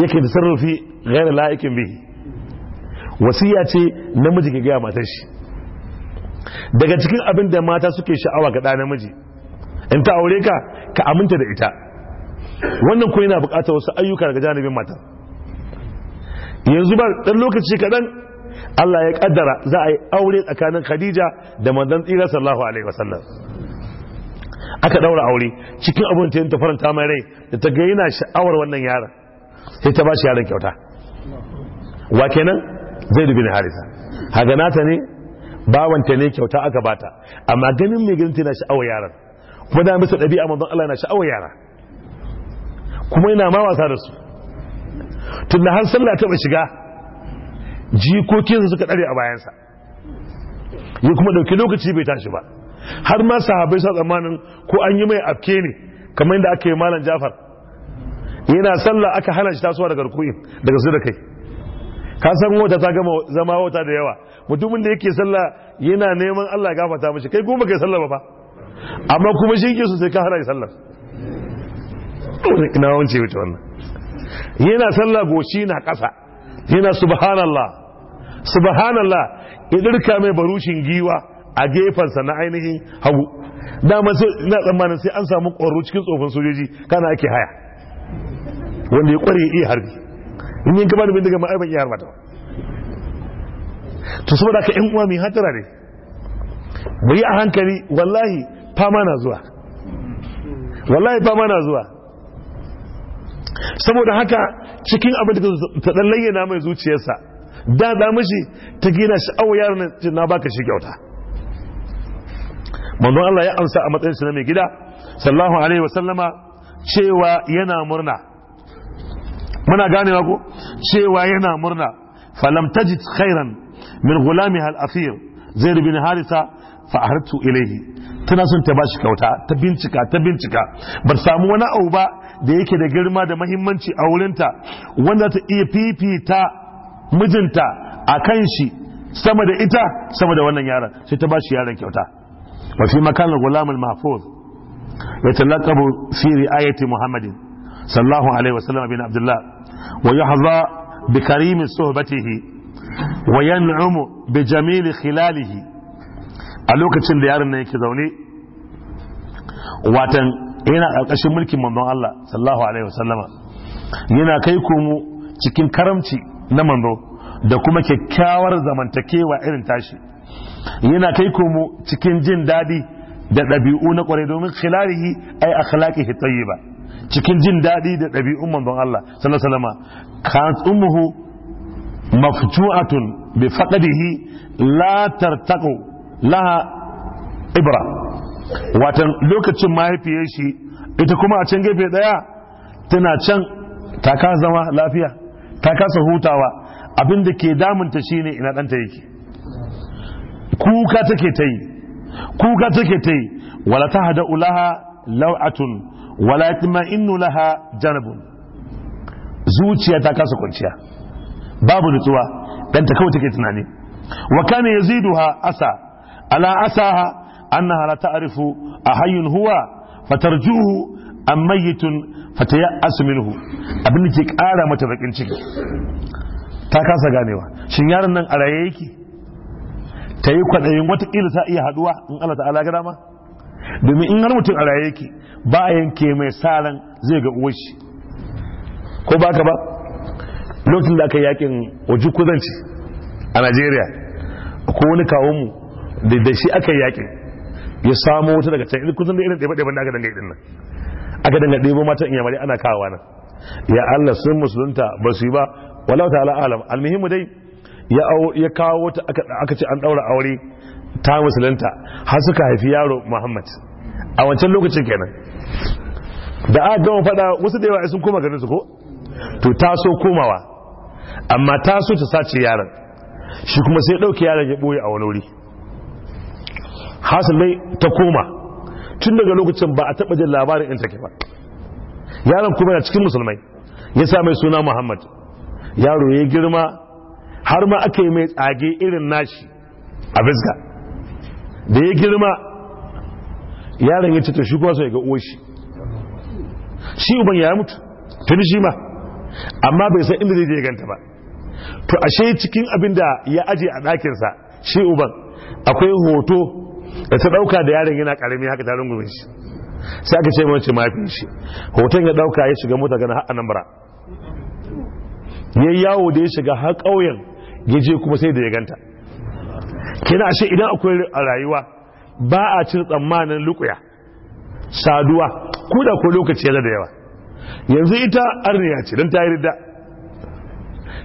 [SPEAKER 1] yake da sarrafi gairar la'ikin bihi wasiya ce namiji ke gaya matar shi daga cikin abin da mata suke sha'awa ga ɗa namiji in ta aure ka ka aminta da ita wannan ko yana buƙatar wasu ayyuka daga janibin mata yanzu ba ɗan lokaci kaɗan Allah ya kaddara za a yi aure tsakanin Khadija da manzon tsira sallallahu alaihi wasallam aka daura aure cikin abun ta ta faranta mai rai da ta ga yana sha'awar wannan yaron sai ta ba shi yaron kyauta wa kenan Zaid bin Harisa nata ne bawanta ne kyauta aka bata amma ganin mai ganin tana sha'awar yaron kuma da bisa ɗabi'a manzon Allah na sha'awar yara kuma yana ma wasa da su tunda har sallah ta shiga jikokin suka dare a bayansa ya kuma dauki lokaci bai tashi ba har ma sahabai sa tsammanin ko an yi mai afke ne kamar yadda aka yi malam jafar yana sallah aka hana shi tasowa daga rukuin daga su da kai ka san wata ta gama zama wata da yawa mutumin da yake sallah yana neman Allah ya gafarta mishi kai kuma kai sallah ba fa amma kuma shi yake sai ka hana shi sallah ina wance wuce wannan yana sallah goshi na kasa yana subhanallah subhanallah ya mai barushin giwa a gefensa na ainihin hagu dama na tsammanin sai an samu ƙwaro cikin tsofin sojoji kana ake haya wanda ya ƙware ya iya harbi in yin kama da bin daga ma'aibin iya harba ta to saboda ka yan uwa mai hatara ne mu yi a hankali wallahi fama na zuwa wallahi fama na zuwa saboda haka cikin abin da ta dan layyana mai zuciyarsa da da mishi ta gina sha'awa yaron nan na baka shi kyauta manzon Allah ya amsa a matsayin na mai gida sallallahu alaihi wa sallama cewa yana murna muna ganewa ko cewa yana murna falam tajid khairan min gulamiha al-athir zayd bin harisa fa ahartu ilayhi tana son ta bashi kyauta ta bincika ta bincika bar samu wani abu ba da yake da girma da mahimmanci a wurinta wanda ta iya fifita mijinta a kan shi sama da ita sama da wannan yaron sai ta ba shi yaron kyauta wafi makalar gulamul mahfuz ya talaqabu fi riayati muhammadin sallallahu alaihi wasallam bin abdullah wa yahza bi karimi suhbatihi wa yan'umu bi jamili khilalihi a lokacin da yaron nan yake zaune watan yana ƙarƙashin mulkin manzon Allah sallallahu alaihi wasallama yana kai mu cikin karamci na manzo da kuma kyakkyawar zamantakewa irin tashi yana kai mu cikin jin daɗi da ɗabi'u na ƙwarai domin khilarihi ai akhlaqihi tayyiba cikin jin daɗi da ɗabi'un manzon Allah sallallahu alaihi wasallama kan ummuhu maftu'atun bi faqdihi la tartaqu laha ibra watan lokacin mahaifiyar shi ita kuma a can gefe daya tana can ta kasa zama lafiya ta kasa hutawa abin da ke damunta shine ina ɗanta yake kuka take ta yi kuka take ta yi wala ta hada ulaha lau'atun wala ma innu laha janabun zuciya ta kasa kwanciya babu nutsuwa ɗanta kawai take tunani wa kana yaziduha asa ala asaha a أنها لا تعرف أحي هو فترجوه أم ميت فتيأس منه abin da ke ƙara mata bakin ciki ta kasa ganewa shin yaron nan a raye yake ta yi kwaɗayin watakila ta iya haɗuwa in Allah ta'ala ga dama domin in har mutum a raye ba yanke mai saran zai ga uwar shi ko ba ka ba lokacin da aka yakin waje kudanci a Najeriya ko wani kawo mu da shi aka yakin ya samo wata daga can kusan da irin ɗaiɓaɗaiɓan da aka danga irin nan aka danga ɗaiɓo matan inyamari ana kawowa nan ya Allah sun musulunta ba su yi ba walau ta'ala alam almuhimmu dai ya kawo wata aka ce an ɗaura aure ta musulunta har suka haifi yaro Muhammad a wancan lokacin kenan da aka gama faɗa wasu da yawa sun koma garin su ko to ta so komawa amma ta so ta sace yaron shi kuma sai ɗauke yaron ya ɓoye a wani wuri hasil ta koma tun daga lokacin ba a taɓa jin labarin in take ba yaron kuma na cikin musulmai ya sa mai suna muhammad yaro ya girma har ma aka yi mai tsage irin nashi a fisga da ya girma yaron ya cita shi kuma sai ga uwar shi shi uban ya mutu tuni shi ma amma bai san inda zai je ganta ba to ashe cikin abin da ya aje a ɗakinsa shi uban akwai hoto da ta dauka da yaron yana karami haka ta rungume shi sai aka ce mace mafi shi hoton ya dauka ya shiga mota gana nan bara ya yawo da ya shiga har ƙauyen ya kuma sai da ya ganta kina ashe idan akwai a rayuwa ba a cin tsammanin lukuya saduwa ko da ko lokaci yana da yawa yanzu ita arniya ce don ta yi ridda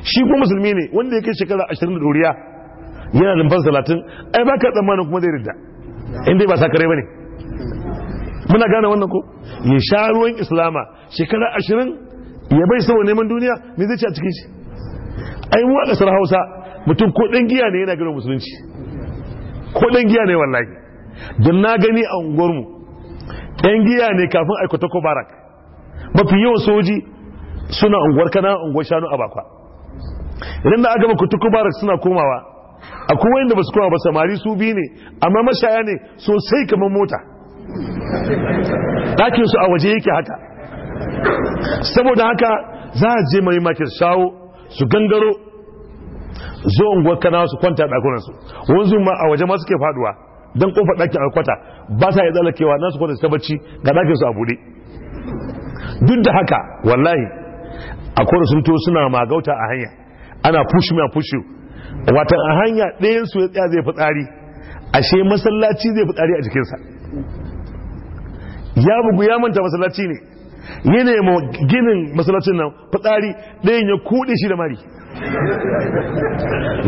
[SPEAKER 1] shi kuma musulmi ne wanda ya kai shekara ashirin da doriya yana numfar talatin ai ba ka tsammanin kuma zai ridda inda ba sakare ba ne muna gane wannan ko ya sha ruwan islama shekara ashirin ya bai sabo neman duniya me zai ci a cikin shi ai mu a kasar hausa mutum ko dan giya ne yana gano musulunci ko dan giya ne wallahi don na gani a unguwarmu dan giya ne kafin aikata ko barak mafi yawan soji suna unguwar kana unguwar shanu a bakwa idan da aka ba kutuku barak suna komawa akwai wanda ba su ba samari su biyu ne amma mashaya ne sosai kamar mota ɗakin su a waje yake haka saboda haka za a je mai makir shawo su gangaro zo unguwar kana su kwanta su wanzu ma a waje masu ke faduwa don kofar ɗakin alkwata ba sa yi tsalakewa nasu kwanta su ta ga ɗakin su a buɗe duk da haka wallahi a sun to suna magauta a hanya ana push me push wata a hanya ɗayan su ya tsaya zai fitsari ashe masallaci zai fitsari a jikinsa ya bugu ya manta masallaci ne yana yi ginin masallacin nan fitsari ɗayan ya kuɗe shi da mari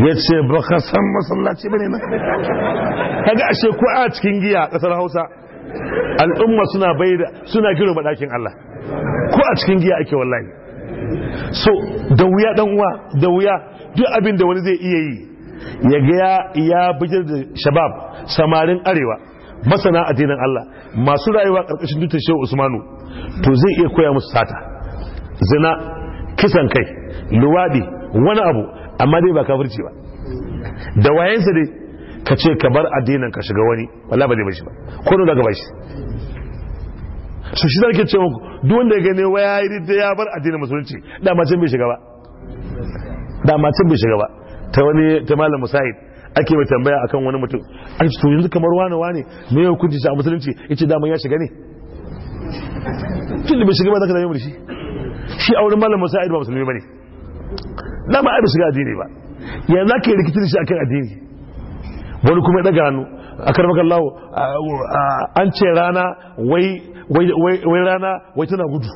[SPEAKER 1] ya ce ba ka san masallaci ba ne na kaga ashe ko a cikin giya a ƙasar hausa al'umma suna bai da suna gina ɗakin Allah ko a cikin giya ake wallahi so da wuya dan uwa da wuya duk abin da wani zai iya yi ya ga ya bijir da shabab samarin arewa masana addinin Allah masu rayuwa karkashin dutar shehu Usmanu to zai iya koya musu sata zina kisan kai luwadi wani abu amma dai ba kafirci ba da wayansa dai ka ce ka bar addinin ka shiga wani wallahi ba zai bashi ba ko da ka bashi so shi zarke ce muku duk wanda ya gane waya ya yi da ya bar addinin musulunci da macin bai shiga ba da macin bai shiga ba ta wani ta malam musahid ake mai tambaya akan wani mutum an ci yanzu kamar wani wani ne ya hukunci shi a musulunci ce damar ya shiga ne tun da bai shiga ba zaka dame mu da shi shi auren malam musahid ba musulmi bane dama ai bai shiga addini ba yanzu ake rikitin da shi akan addini wani kuma ya daga hannu akar maka lawo an ce rana wai rana wai tana gudu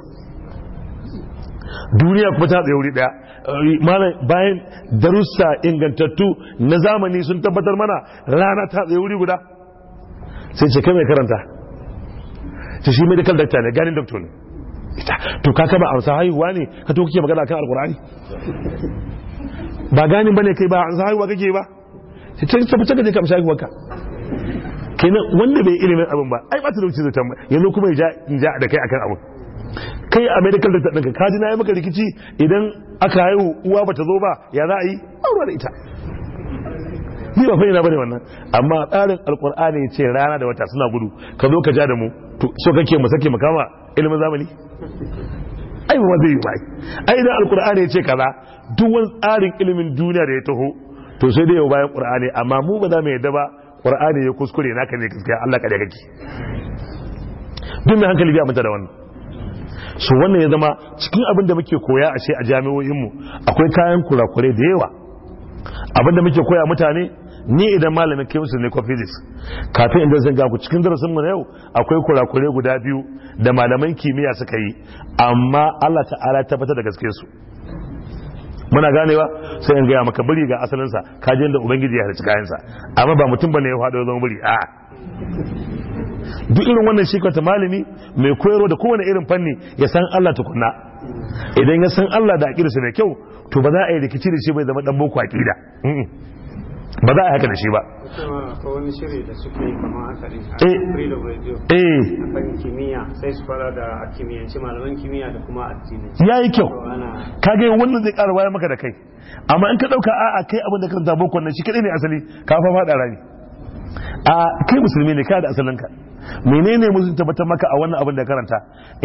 [SPEAKER 1] duniya kuma ta tsaye wuri daya eh, malam bayan darussa ingantattu na zamani sun tabbatar mana rana ta tsaye wuri guda sai ce kai mai karanta ta shi medical doctor ne ganin doctor ne to ka a amsa haihuwa ne ka to kake magana kan alkurani ba ganin bane kai ba amsa haihuwa kake ba sai ta tabbatar da je ka amsa haihuwa ka kenan wanda bai ilimin abin ba ai ba ta dauki ba yanzu kuma ya ja da kai akan abin kai a medical doctor ɗinka ka ji na yi maka rikici idan aka haihu uwa ba ta zo ba ya za a yi aure da ita ni ba fahimta bane wannan amma tsarin alkur'ani ce rana da wata suna gudu ka zo ka ja da mu to so kake mu sake mu kama ilimin zamani ai ba zai yi ba ai idan alkur'ani ce kaza duk wani tsarin ilimin duniya da ya taho to sai dai yau bayan Ƙur'ani amma mu ba za mu yadda ba qur'ani ya kuskure naka ne gaskiya Allah kare kake duk mai hankali biya aminta da wannan so wannan ya zama cikin abin da muke koya a a jami'o'inmu akwai kayan kurakurai da yawa abin da muke koya mutane ni idan malamin chemistry ne ko kafin inda zan gaku cikin darasin mu na yau akwai kurakurai guda biyu da malaman kimiyya suka yi amma Allah ta'ala tabbatar da gaske su muna ganewa sai in gaya maka biri ga asalinsa ka je da ubangiji ya harci kayansa amma ba mutum bane ya faɗo zama biri a duk irin wannan shi kwata malami mai koyarwa da kowane irin fanni ya san Allah tukunna idan ya san Allah da aƙirsa mai kyau to ba za a yi rikici da shi bai zama dan boko aƙida ba za a haka da shi ba a eh. eh. ya yi kyau kage wannan zai ƙara waya maka da kai amma in ka ɗauka a kai abin da ka zabo kwanan shi kaɗai ne asali ka fa faɗa rani a kai musulmi ne ka da ka menene mu tabbatar maka a wannan abin da karanta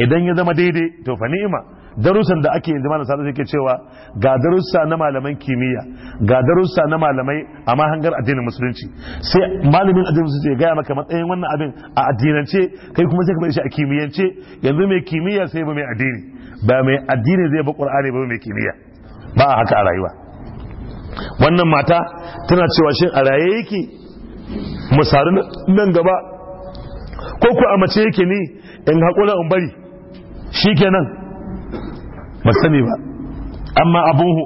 [SPEAKER 1] idan ya zama daidai to fa ni'ima darussan da ake yanzu mana sadu yake cewa ga darussa na malaman kimiyya ga darussa na malamai a mahangar addinin musulunci sai malamin addinin musulunci ya gaya maka matsayin wannan abin a addinance kai kuma sai ka shi a kimiyyance yanzu mai kimiyya sai ba mai addini ba mai addini zai ba qur'ani ba mai kimiyya ba haka a rayuwa wannan mata tana cewa shin a raye yake mu nan gaba ko ku a mace yake ne in haƙura in bari shi kenan ba sani ba amma abuhu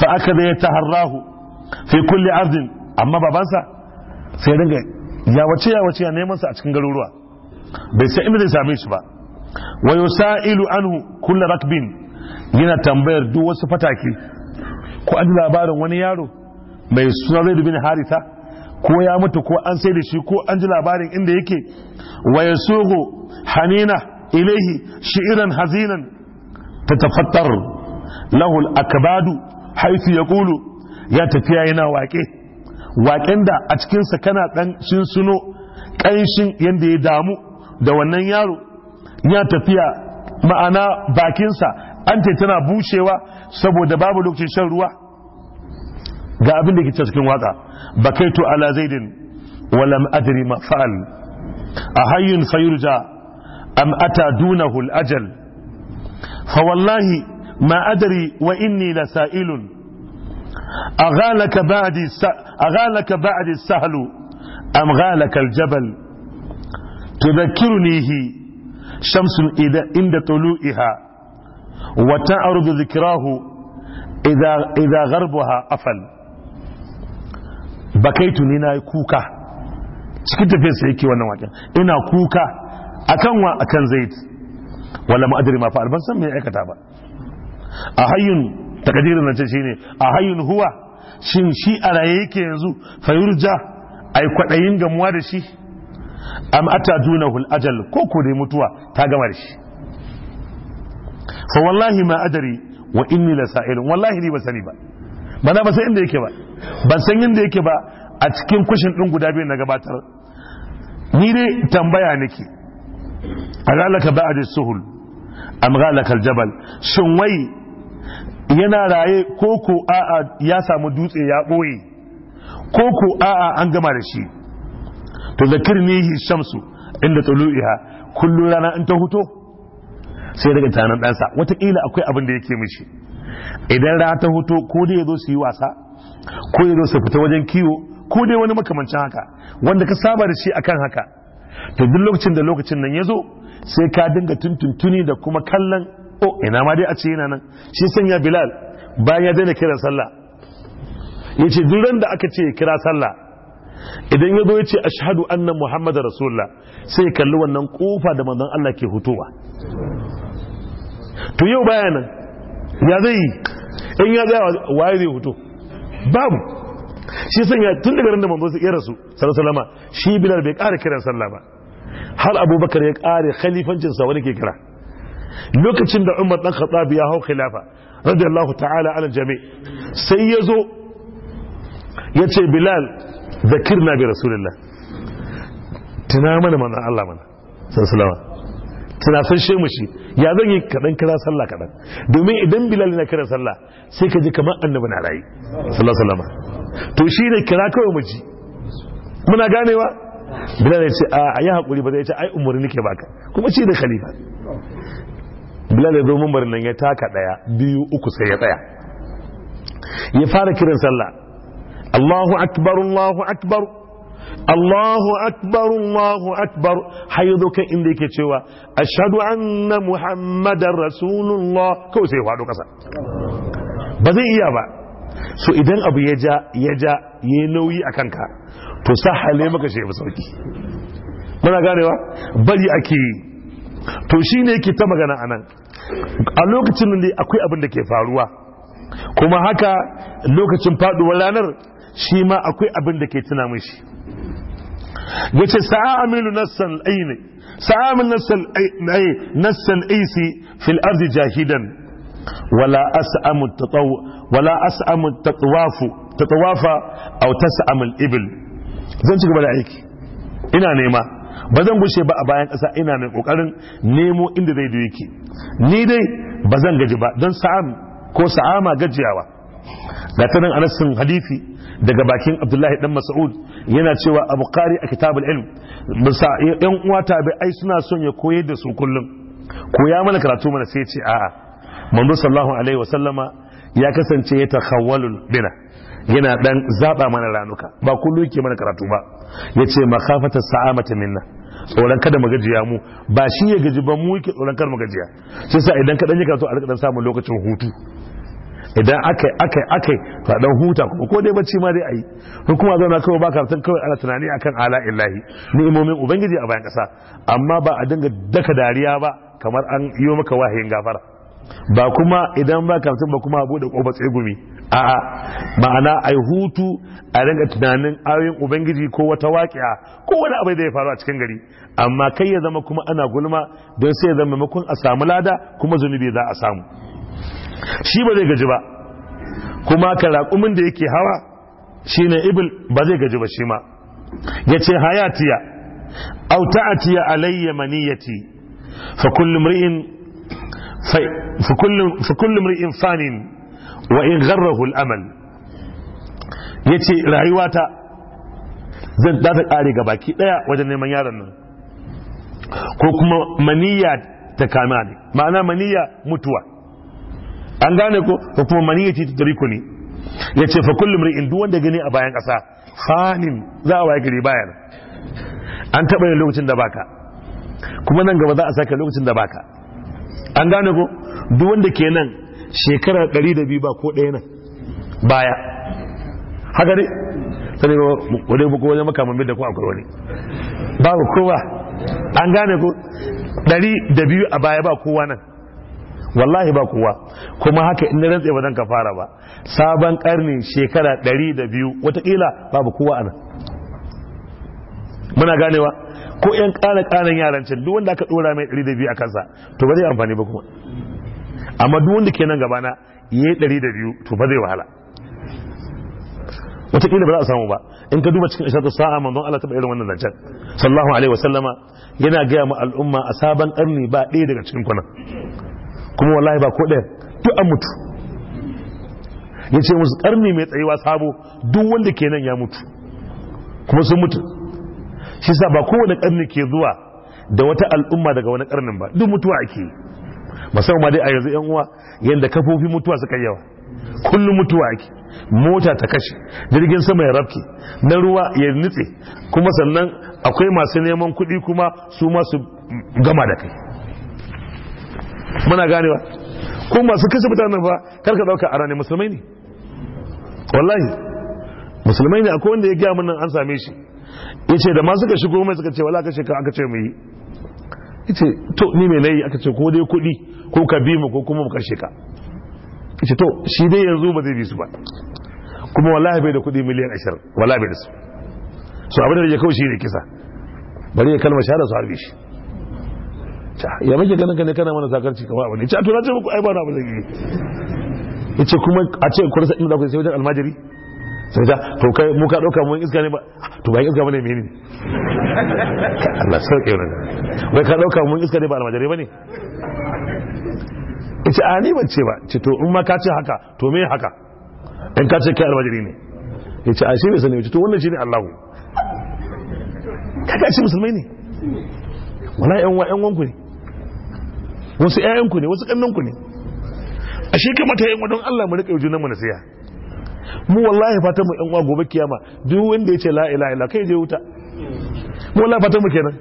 [SPEAKER 1] fa aka da ya taharrahu fi kulli arzin amma babansa sai dinga ya wace ya wace ya neman sa a cikin garuruwa bai san inda zai same shi ba wa yusailu anhu kullu rakbin yana tambayar duk wasu fataki ko an labarin wani yaro mai suna zai bin haritha ko ya mutu ko an sai da shi ko an ji labarin inda yake wa yasuhu hanina ilaihi irin hazinan Ta tafattar al-akbadu ya kulu ya tafiya yana waƙe waƙen da a cikinsa kana ɗan shin suno ƙanshin yadda ya damu da wannan yaro ya tafiya ma'ana bakinsa an tana bushewa saboda babu lokacin shan ruwa ga abin da ke cikin waka bakaitu ala zaidin walam adri ma fa'al a hayyun fayurja am ata dunahu al-ajal fa wallahi ma adri wa inni lasailun aghalaka ba'di aghalaka ba'di sahlu am ghalaka al-jabal تذكرنيه شمس إذا عند طلوعها وتعرض ذكراه إذا, إذا غربها أفل bakaitu ni na yi kuka cikin tafiyar sai yake wannan waken ina kuka akan wa akan zaid wala ma adri ma fa ban san me aikata ba a hayyun takadirin nan shine a hayyun huwa shin shi a raye yake yanzu fayurja ai kwadayin gamuwa da shi am atadunahu al-ajal ko ko dai mutuwa ta gama da shi fa wallahi ma adri wa inni la sa'ilun wallahi ni ba sani ba bana ba sai inda yake ba ban san yadda yake ba a cikin kushin ɗin guda biyu na gabatar ni dai tambaya nake a galaka ba a da suhul A galaka jabal shin wai yana raye ko ko a'a ya samu dutse ya ɓoye ko ko a'a an gama da shi to ne yi shamsu inda ha, kullum rana in ta huto sai daga tanan ɗansa Wataƙila akwai abin da yake mishi idan rana ta hoto ko da ya zo su yi wasa ko ya zo su fita wajen kiwo ko dai wani makamancin haka wanda ka saba da shi akan haka to duk lokacin da lokacin nan ya zo sai ka dinga tuntuntuni da kuma kallon oh ina ma dai a ce yana nan shi sanya bilal bayan ya daina kiran sallah ya ce da aka ce kira sallah idan ya zo ya ce ashhadu anna muhammadar rasulullah sai ya kalli wannan kofa da manzon Allah ke hutuwa to yau bayanan ya zai in ya zai waye zai hutu babu shi sanya tun daga ran da manzo ya rasu sallallahu shi bilal bai ƙara kiran sallah ba har abubakar ya kare khalifancin sa wani ke kira lokacin da umar dan khattab ya hau khilafa radiyallahu ta'ala ala jami sai ya zo ya ce bilal zakirna bi rasulillah tuna mana manzon Allah mana sallallahu tunasan shemu shi ya zan yi kaɗan kira sallah kaɗan domin idan bilal na kira sallah sai ka ji kamar annabi na rayu sallallahu to shi ne kira kawai mu muna ganewa bilal ya ce a ayi hakuri ba zai ce ai umarni ke baka kuma ce da khalifa bilal ya zo mumbar nan ya taka ɗaya biyu uku sai ya tsaya ya fara kiran sallah Allahu akbar Allahu akbar Allahu akbar Allahu akbar har ya zo kan inda yake cewa ashadu anna muhammadar rasulullah kawai sai ya faɗo ƙasa ba zai iya ba so idan abu ya ja ya ja ya nauyi a kanka to sahale maka shi ya sauki muna ganewa bari ake yi to shine yake ta magana anan a lokacin da akwai abin da ke faruwa kuma haka lokacin faduwar ranar shi ma akwai abin da ke tuna mishi yace sa'amilu nassan aini sa'amil nassan aini nassan aisi fil ardi jahidan wala as'amu tatawu wala as'amu tatawafu tatawafa aw tas'amul ibil zan ci gaba da aiki ina nema ba zan gushe ba a bayan ƙasa ina mai ƙoƙarin nemo inda zai yake ni dai ba zan gaji ba don sa'am ko sa'ama gajiyawa ga ta nan anasin halifi daga bakin abdullahi dan mas'ud yana cewa abu qari a kitabul ilm bisa yan uwa tabi ai suna son ya koyar da su kullum koya mana karatu mana sai ce a'a manzo sallallahu alaihi wa sallama ya kasance ya takhawwalul bina yana dan zaba mana ranuka ba kullu yake mana karatu ba yace makhafata sa'amata minna tsoron kada mu mu ba shi ya gaji ba mu yake tsoron kada mu gajiya sai sa idan ka dan yi karatu a rika dan samun lokacin hutu idan akai aka akai ka dan huta ko dai bacci ma dai ayi ko kuma zauna kawai baka tun kawai ana tunani akan ala illahi ni'imomin ubangiji a bayan kasa amma ba a dinga daka dariya ba kamar an yi maka wahayin gafara ba kuma idan ba kamtun ba kuma abu da kofar tsegumi a'a ma'ana ai hutu a dinga tunanin ayoyin ubangiji ko wata waƙiya ko wani abai da ya faru a cikin gari amma kai ya zama kuma ana gulma don sai ya zama maimakon a samu lada kuma zunubi za a samu shi ba zai gaji ba kuma ka raƙumin da yake hawa shi ne ibil ba zai gaji ba shi ma ya ce hayatiya au ta'atiya alayya maniyyati fa ri'in fanin wa in gharrahu Ya amal yace rayuwata zan da ta kare ga baki ɗaya wajen neman yaron nan ko kuma maniyya ta kama ne ma'ana maniyya mutuwa an gane ko ko kuma maniyya ce ta tariku ne ya ce fa kullum ri'in duk wanda gani a bayan ƙasa fanin za a waye gari bayan an taɓa yin lokacin da baka kuma nan gaba za a sake lokacin da baka an gane ko duk wanda ke nan shekara 102 ba ko ɗaya nan baya haka ne sani ba wadai buku wajen makaman da ko akwai wani babu kowa an gane ko 102 a baya ba kowa nan wallahi ba kowa kuma haka inda rantse ba zan ka fara ba sabon karni shekara wata watakila babu kowa ana. muna ganewa ko yan ƙara ƙaran yaran duk wanda aka dora mai 200 a kansa to ba zai amfani ba kuma amma duk wanda ke nan gaba na yayi 200 to ba zai wahala watakila ba za a samu ba in ka duba cikin ishatu sa'a manzon Allah taɓa irin wannan zancen sallallahu alaihi wasallama yana gaya ma al'umma a sabon karni ba ɗaya daga cikin kuna kuma wallahi ba ko ɗaya duk an mutu ya ce musu ƙarni mai tsayewa sabo duk wanda ke nan ya mutu kuma sun mutu shi sa ba kowane ƙarni ke zuwa da wata al'umma daga wani ƙarnin ba duk mutuwa ake yi ma dai a yanzu yan uwa yadda kafofi mutuwa suka yawa kullum mutuwa ake mota ta kashe jirgin sama ya rafke na ruwa ya nitse kuma sannan akwai masu neman kuɗi kuma su masu gama da kai muna ganewa ko masu kashe mutanen ba karka dauka a ranar musulmai ne wallahi musulmai ne akwai wanda ya gaya munan an same shi ya ce da masu kashe shigo suka ce wala ka aka ce mu yi ya ce to ni mai nayi aka ce ko dai kuɗi ko ka bi mu ko kuma mu kashe ka ya ce to shi dai yanzu ba zai bi su ba kuma wallahi bai da kuɗi miliyan ashirin wallahi bai da su so abin da ya kawo shi ne kisa bari ya kalma shahada su harbe shi ya muke ganin ka ne kana mana zakarci kamar abu ne ce to na ce muku ai ba na abu zai ya ce kuma a ce ku rasa inda ku sai wajen almajiri sai ta to kai mu ka dauka mun iska ne ba to bayan iska bane menene Allah sauke wani. wai ka dauka mun iska ne ba almajiri bane ita a ni ce ba ce to in ma ka ce haka to me haka in ka ce kai almajiri ne ya ce a shi bai sani ya ce to wannan shi ne Allahu kaga shi musulmai ne wala yan wa yan wanku ne wasu ƴaƴanku ne wasu ƙannanku ne a shi ta yin wadon Allah mu rika junan mu siya mu wallahi fatan mu ƴan uwa gobe kiyama duk wanda ya ce la ilaha illa kai je wuta mu wallahi fatan mu kenan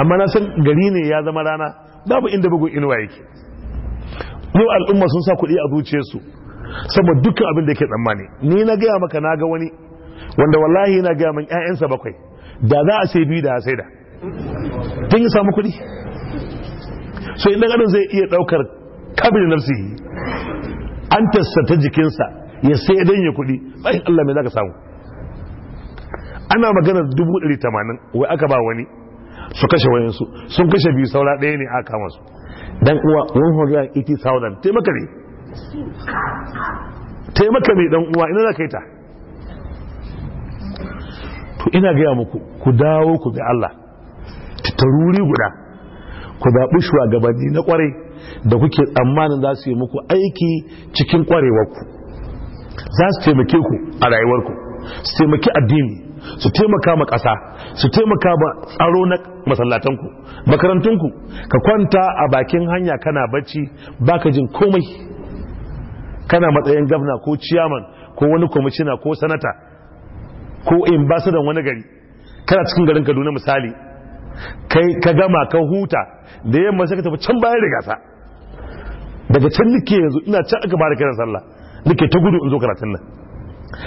[SPEAKER 1] amma na san gari ne ya zama rana babu inda bugun inuwa yake yau al'umma sun sa kuɗi a zuciyarsu saboda dukkan abin da yake tsammani ni na gaya maka na ga wani wanda wallahi na gaya min ƴaƴansa bakwai da za a sai biyu da a sai da tun yi samu kuɗi so in adam zai iya daukar kabin nafsihi an tassata jikinsa ya sai dan ya kudi sai Allah mai zaka samu ana magana 180 wai aka ba wani su kashe wayansu sun kashe biyu saura ɗaya ne aka kama su dan uwa 180,000 taimaka ne taimaka ne dan uwa ina za ka yi ta to ina gaya muku ku dawo ku bi Allah ta guda ku zaɓi shugabanni na ƙwarai da kuke tsammanin za su yi muku aiki cikin ƙwarewarku za su taimake ku a rayuwarku su taimaki addini su taimaka ma ƙasa su taimaka ma tsaro na masallatanku makarantunku ka kwanta a bakin hanya kana bacci baka jin komai kana matsayin gabna ko ciyaman ko wani kwamishina ko sanata ko in wani gari kana cikin garin kaduna misali kai ka gama ka huta da yamma sai ka tafi can bayan gasa. daga can nike yanzu ina can aka bada kiran sallah nike ta gudu in zo karatun nan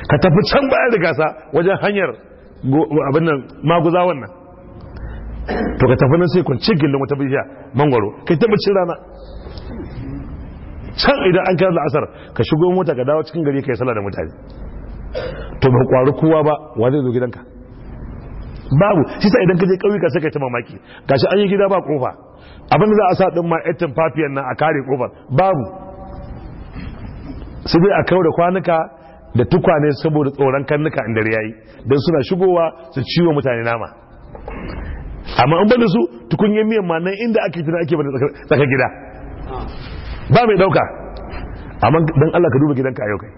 [SPEAKER 1] ka tafi can bayan gasa wajen hanyar abin nan maguza wannan to ka tafi nan sai kwanci gillin wata bishiya mangwaro kai ta cin rana can idan an kira la'asar ka shigo mota ka dawo cikin gari ka yi sallah da mutane to ba kwaru kowa ba wa zai zo gidanka babu shi sa idan ka je ƙauyuka sai ka ta mamaki gashi an yi gida ba kofa abin za a sa din ma yattin papiyan nan a kare kofar babu sai dai a kawo da kwanuka da tukwane saboda tsoron karnuka in dare yayi don suna shigowa su ciwo mutane nama amma an bani su tukunyar miyan ma nan inda ake tuna ake bada tsaka gida ba mai dauka amma dan Allah ka duba gidanka a yau kai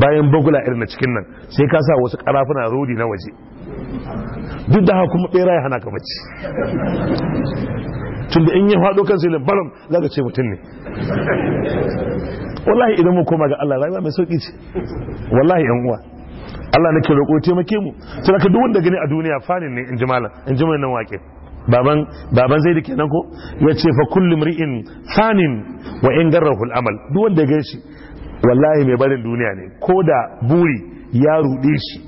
[SPEAKER 1] bayan bagula irin na cikin nan sai ka sa wasu karafuna rodi na waje duk da haka kuma bera ya hana ka bacci tunda in yi faɗo kan silin baram za ka ce mutum ne wallahi idan mu koma ga Allah rayuwa mai sauki ce wallahi yan uwa Allah nake roƙo taimake mu sai ka duk wanda gani a duniya fanin ne in ji malam in ji nan wake baban baban zai dake nan ko ya ce fa kullu mri'in fanin wa in garrahu al'amal duk wanda ya gan shi wallahi mai barin duniya ne ko da buri ya ruɗe shi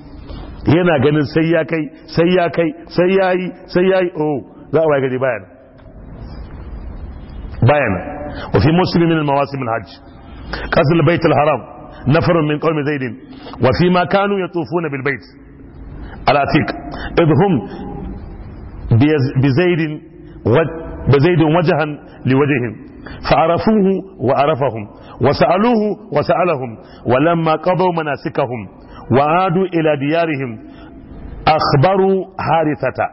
[SPEAKER 1] yana ganin sai ya kai sai ya kai sai ya yi sai ya yi oh za a waye gari bayan bayan وفي مسلم من المواسم الحج قصد البيت الحرام نفر من قوم زيد وفيما كانوا يطوفون بالبيت العتيق إذ هم بزيد بزيد وجها لوجههم فعرفوه وعرفهم وسألوه وسألهم ولما قضوا مناسكهم wa adu ila diyarihim akhbaru harithata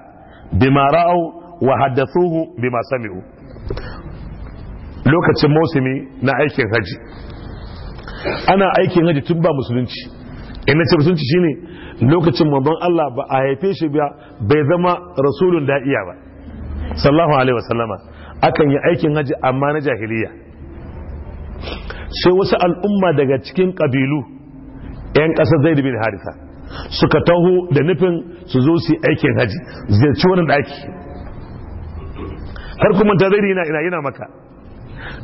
[SPEAKER 1] bima ra'au wa haddathuhu bima sami'u lokacin mosimi na aikin haji ana aikin haji tun ba musulunci ina ce musulunci shine lokacin manzon Allah ba a haife shi ba bai zama rasulun da'iya ba sallallahu alaihi wasallama akan yi aikin haji amma na jahiliya sai wasu al'umma daga cikin ƙabilu. 'yan ƙasar zai bin harisa suka taho da nufin su zo su aikin haji zai ci wani ɗaki har kuma ta zai ina yana maka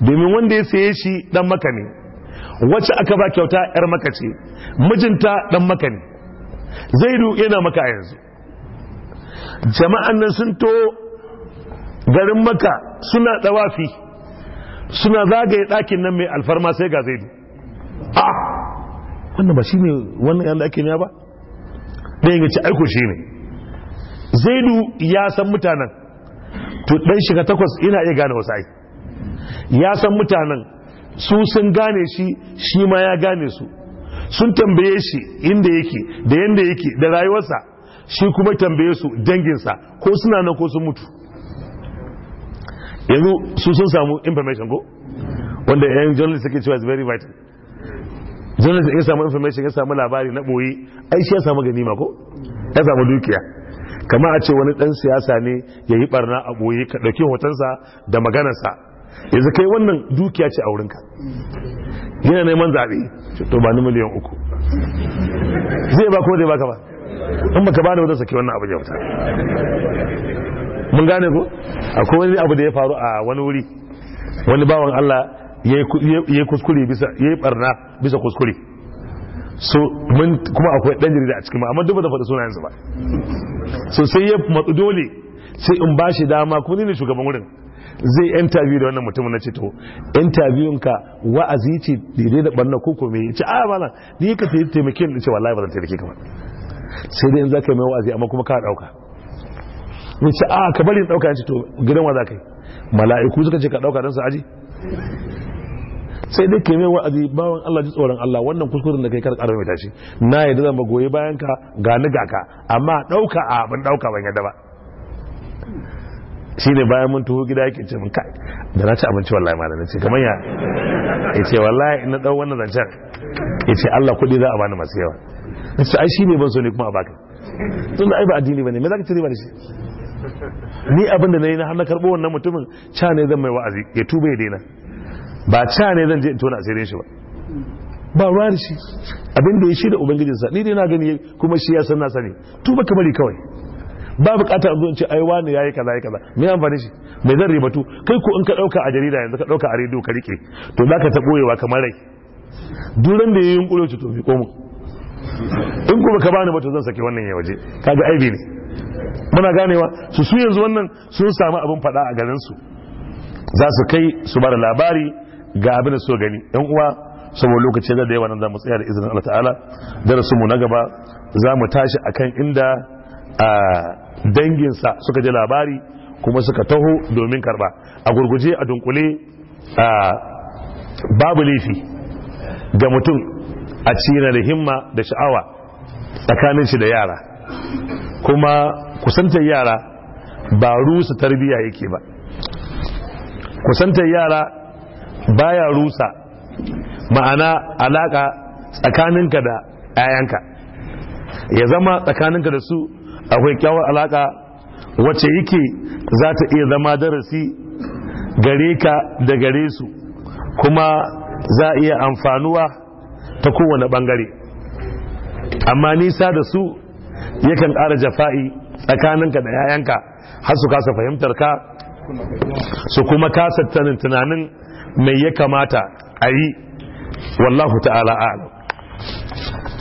[SPEAKER 1] domin wanda ya saye shi dan maka ne wacce aka ba kyauta 'yar maka ce mijinta dan maka ne zaidu yana maka a yanzu jama'an nan sun to garin maka suna ɗawafi suna zagaye ɗakin nan mai alfarma sai ga zai a ah! wannan ba shi ne wannan yadda ake niya ba ɗayan ya ce aiko shi ne zaidu ya san mutanen to ɗan shiga takwas ina iya gane wasu ai ya san mutanen su sun gane shi shi ma ya gane su sun tambaye shi inda yake da yanda yake da rayuwarsa shi kuma tambaye su danginsa ko suna nan ko sun mutu yanzu su sun samu information ko wanda yan journalist suke cewa is very vital sai ya samu information ya samu labari na boye ai shi ya samu ganima ko ya samu dukiya kama a ce wani dan siyasa ne ya yi barna a boye ka dauki hotonsa da maganarsa yanzu kai wannan dukiya ce a wurinka yana neman zaɓe to ba ni miliyan uku zai ba ko zai baka ba in baka bani wajen sake wannan abu wuta. mun gane ko akwai wani abu da ya faru a wani wuri wani bawan Allah yi kuskure bisa yi barna bisa kuskure so mun kuma akwai dan jarida a cikin ma amma duk ba da faɗi sunayensa ba so sai ya matsu dole sai in ba shi dama kuma ni ne shugaban wurin zai interview da wannan mutumin na ce to interview ka wa'azi ce daidai da barna ko ko me ce a malam ni ka ta taimake ni ce wallahi ba zan taimake ka ba sai dai in zaka mai wa'azi amma kuma ka dauka ni ce a ka bari in dauka ce to gidan wa zaka yi mala'iku suka ce ka dauka dan sa aji sai dai kai mai wa'azi bawan Allah ji tsoron Allah wannan kuskuren da kai kar karar mai tashi na yadda zan ba goyi bayan ka ga ni ga ka amma dauka a abin dauka ban yadda ba shi ne bayan mun tuho gida yake ce mun kai da na ci abinci wallahi ma da na ce kamar ya ce wallahi ina na dau wannan zancen Ya ce Allah kudi za a bani masu yawa Na ce ai ne ban so ne kuma a baka tun da ai ba addini bane me zaka ci riba da shi ni abin da nayi na har na karbo wannan mutumin cha ne zan mai wa'azi ya tuba ya daina ba ca ne zan je in tona asirin shi ba ba ruwa da shi abin da ya shi da ubangijinsa ni dai na gani kuma shi ya san na sani tuba ka kamar kawai ba bukata a zo in ce ai wani yayi kaza yayi kaza me amfani shi me zan ribatu kai ko in ka dauka a jarida yanzu ka dauka a rediyo ka rike to zaka ta boyewa kamar rai duran da yayin yunkulo ci to bi komo in kuma ka bani ba to zan saki wannan ya waje kaga aibi ne muna ganewa su su yanzu wannan sun samu abin fada a garin su za su kai su bar labari ga abin da so gani yan uwa saboda lokaci da yawa nan za mu tsaya da izinin Allah ta'ala darasin mu na gaba za mu tashi akan inda a sa suka ji labari kuma suka taho domin karba a gurguje a dunkule a babu laifi ga mutum a cina da himma da sha'awa tsakanin shi da yara kuma kusantar yara ba rusa tarbiyya yake ba kusantar yara baya rusa ma'ana alaka tsakaninka da 'ya'yanka ya zama tsakaninka da su akwai kyawar alaka wacce yake za ta iya zama darasi gare ka da gare su kuma za a iya amfanuwa ta kowane bangare amma nisa da su yakan ƙara jafa'i tsakaninka da 'ya'yanka har su kasa fahimtar ka su kuma kasa tunanin mai ya kamata a yi wallahu ta'ala alam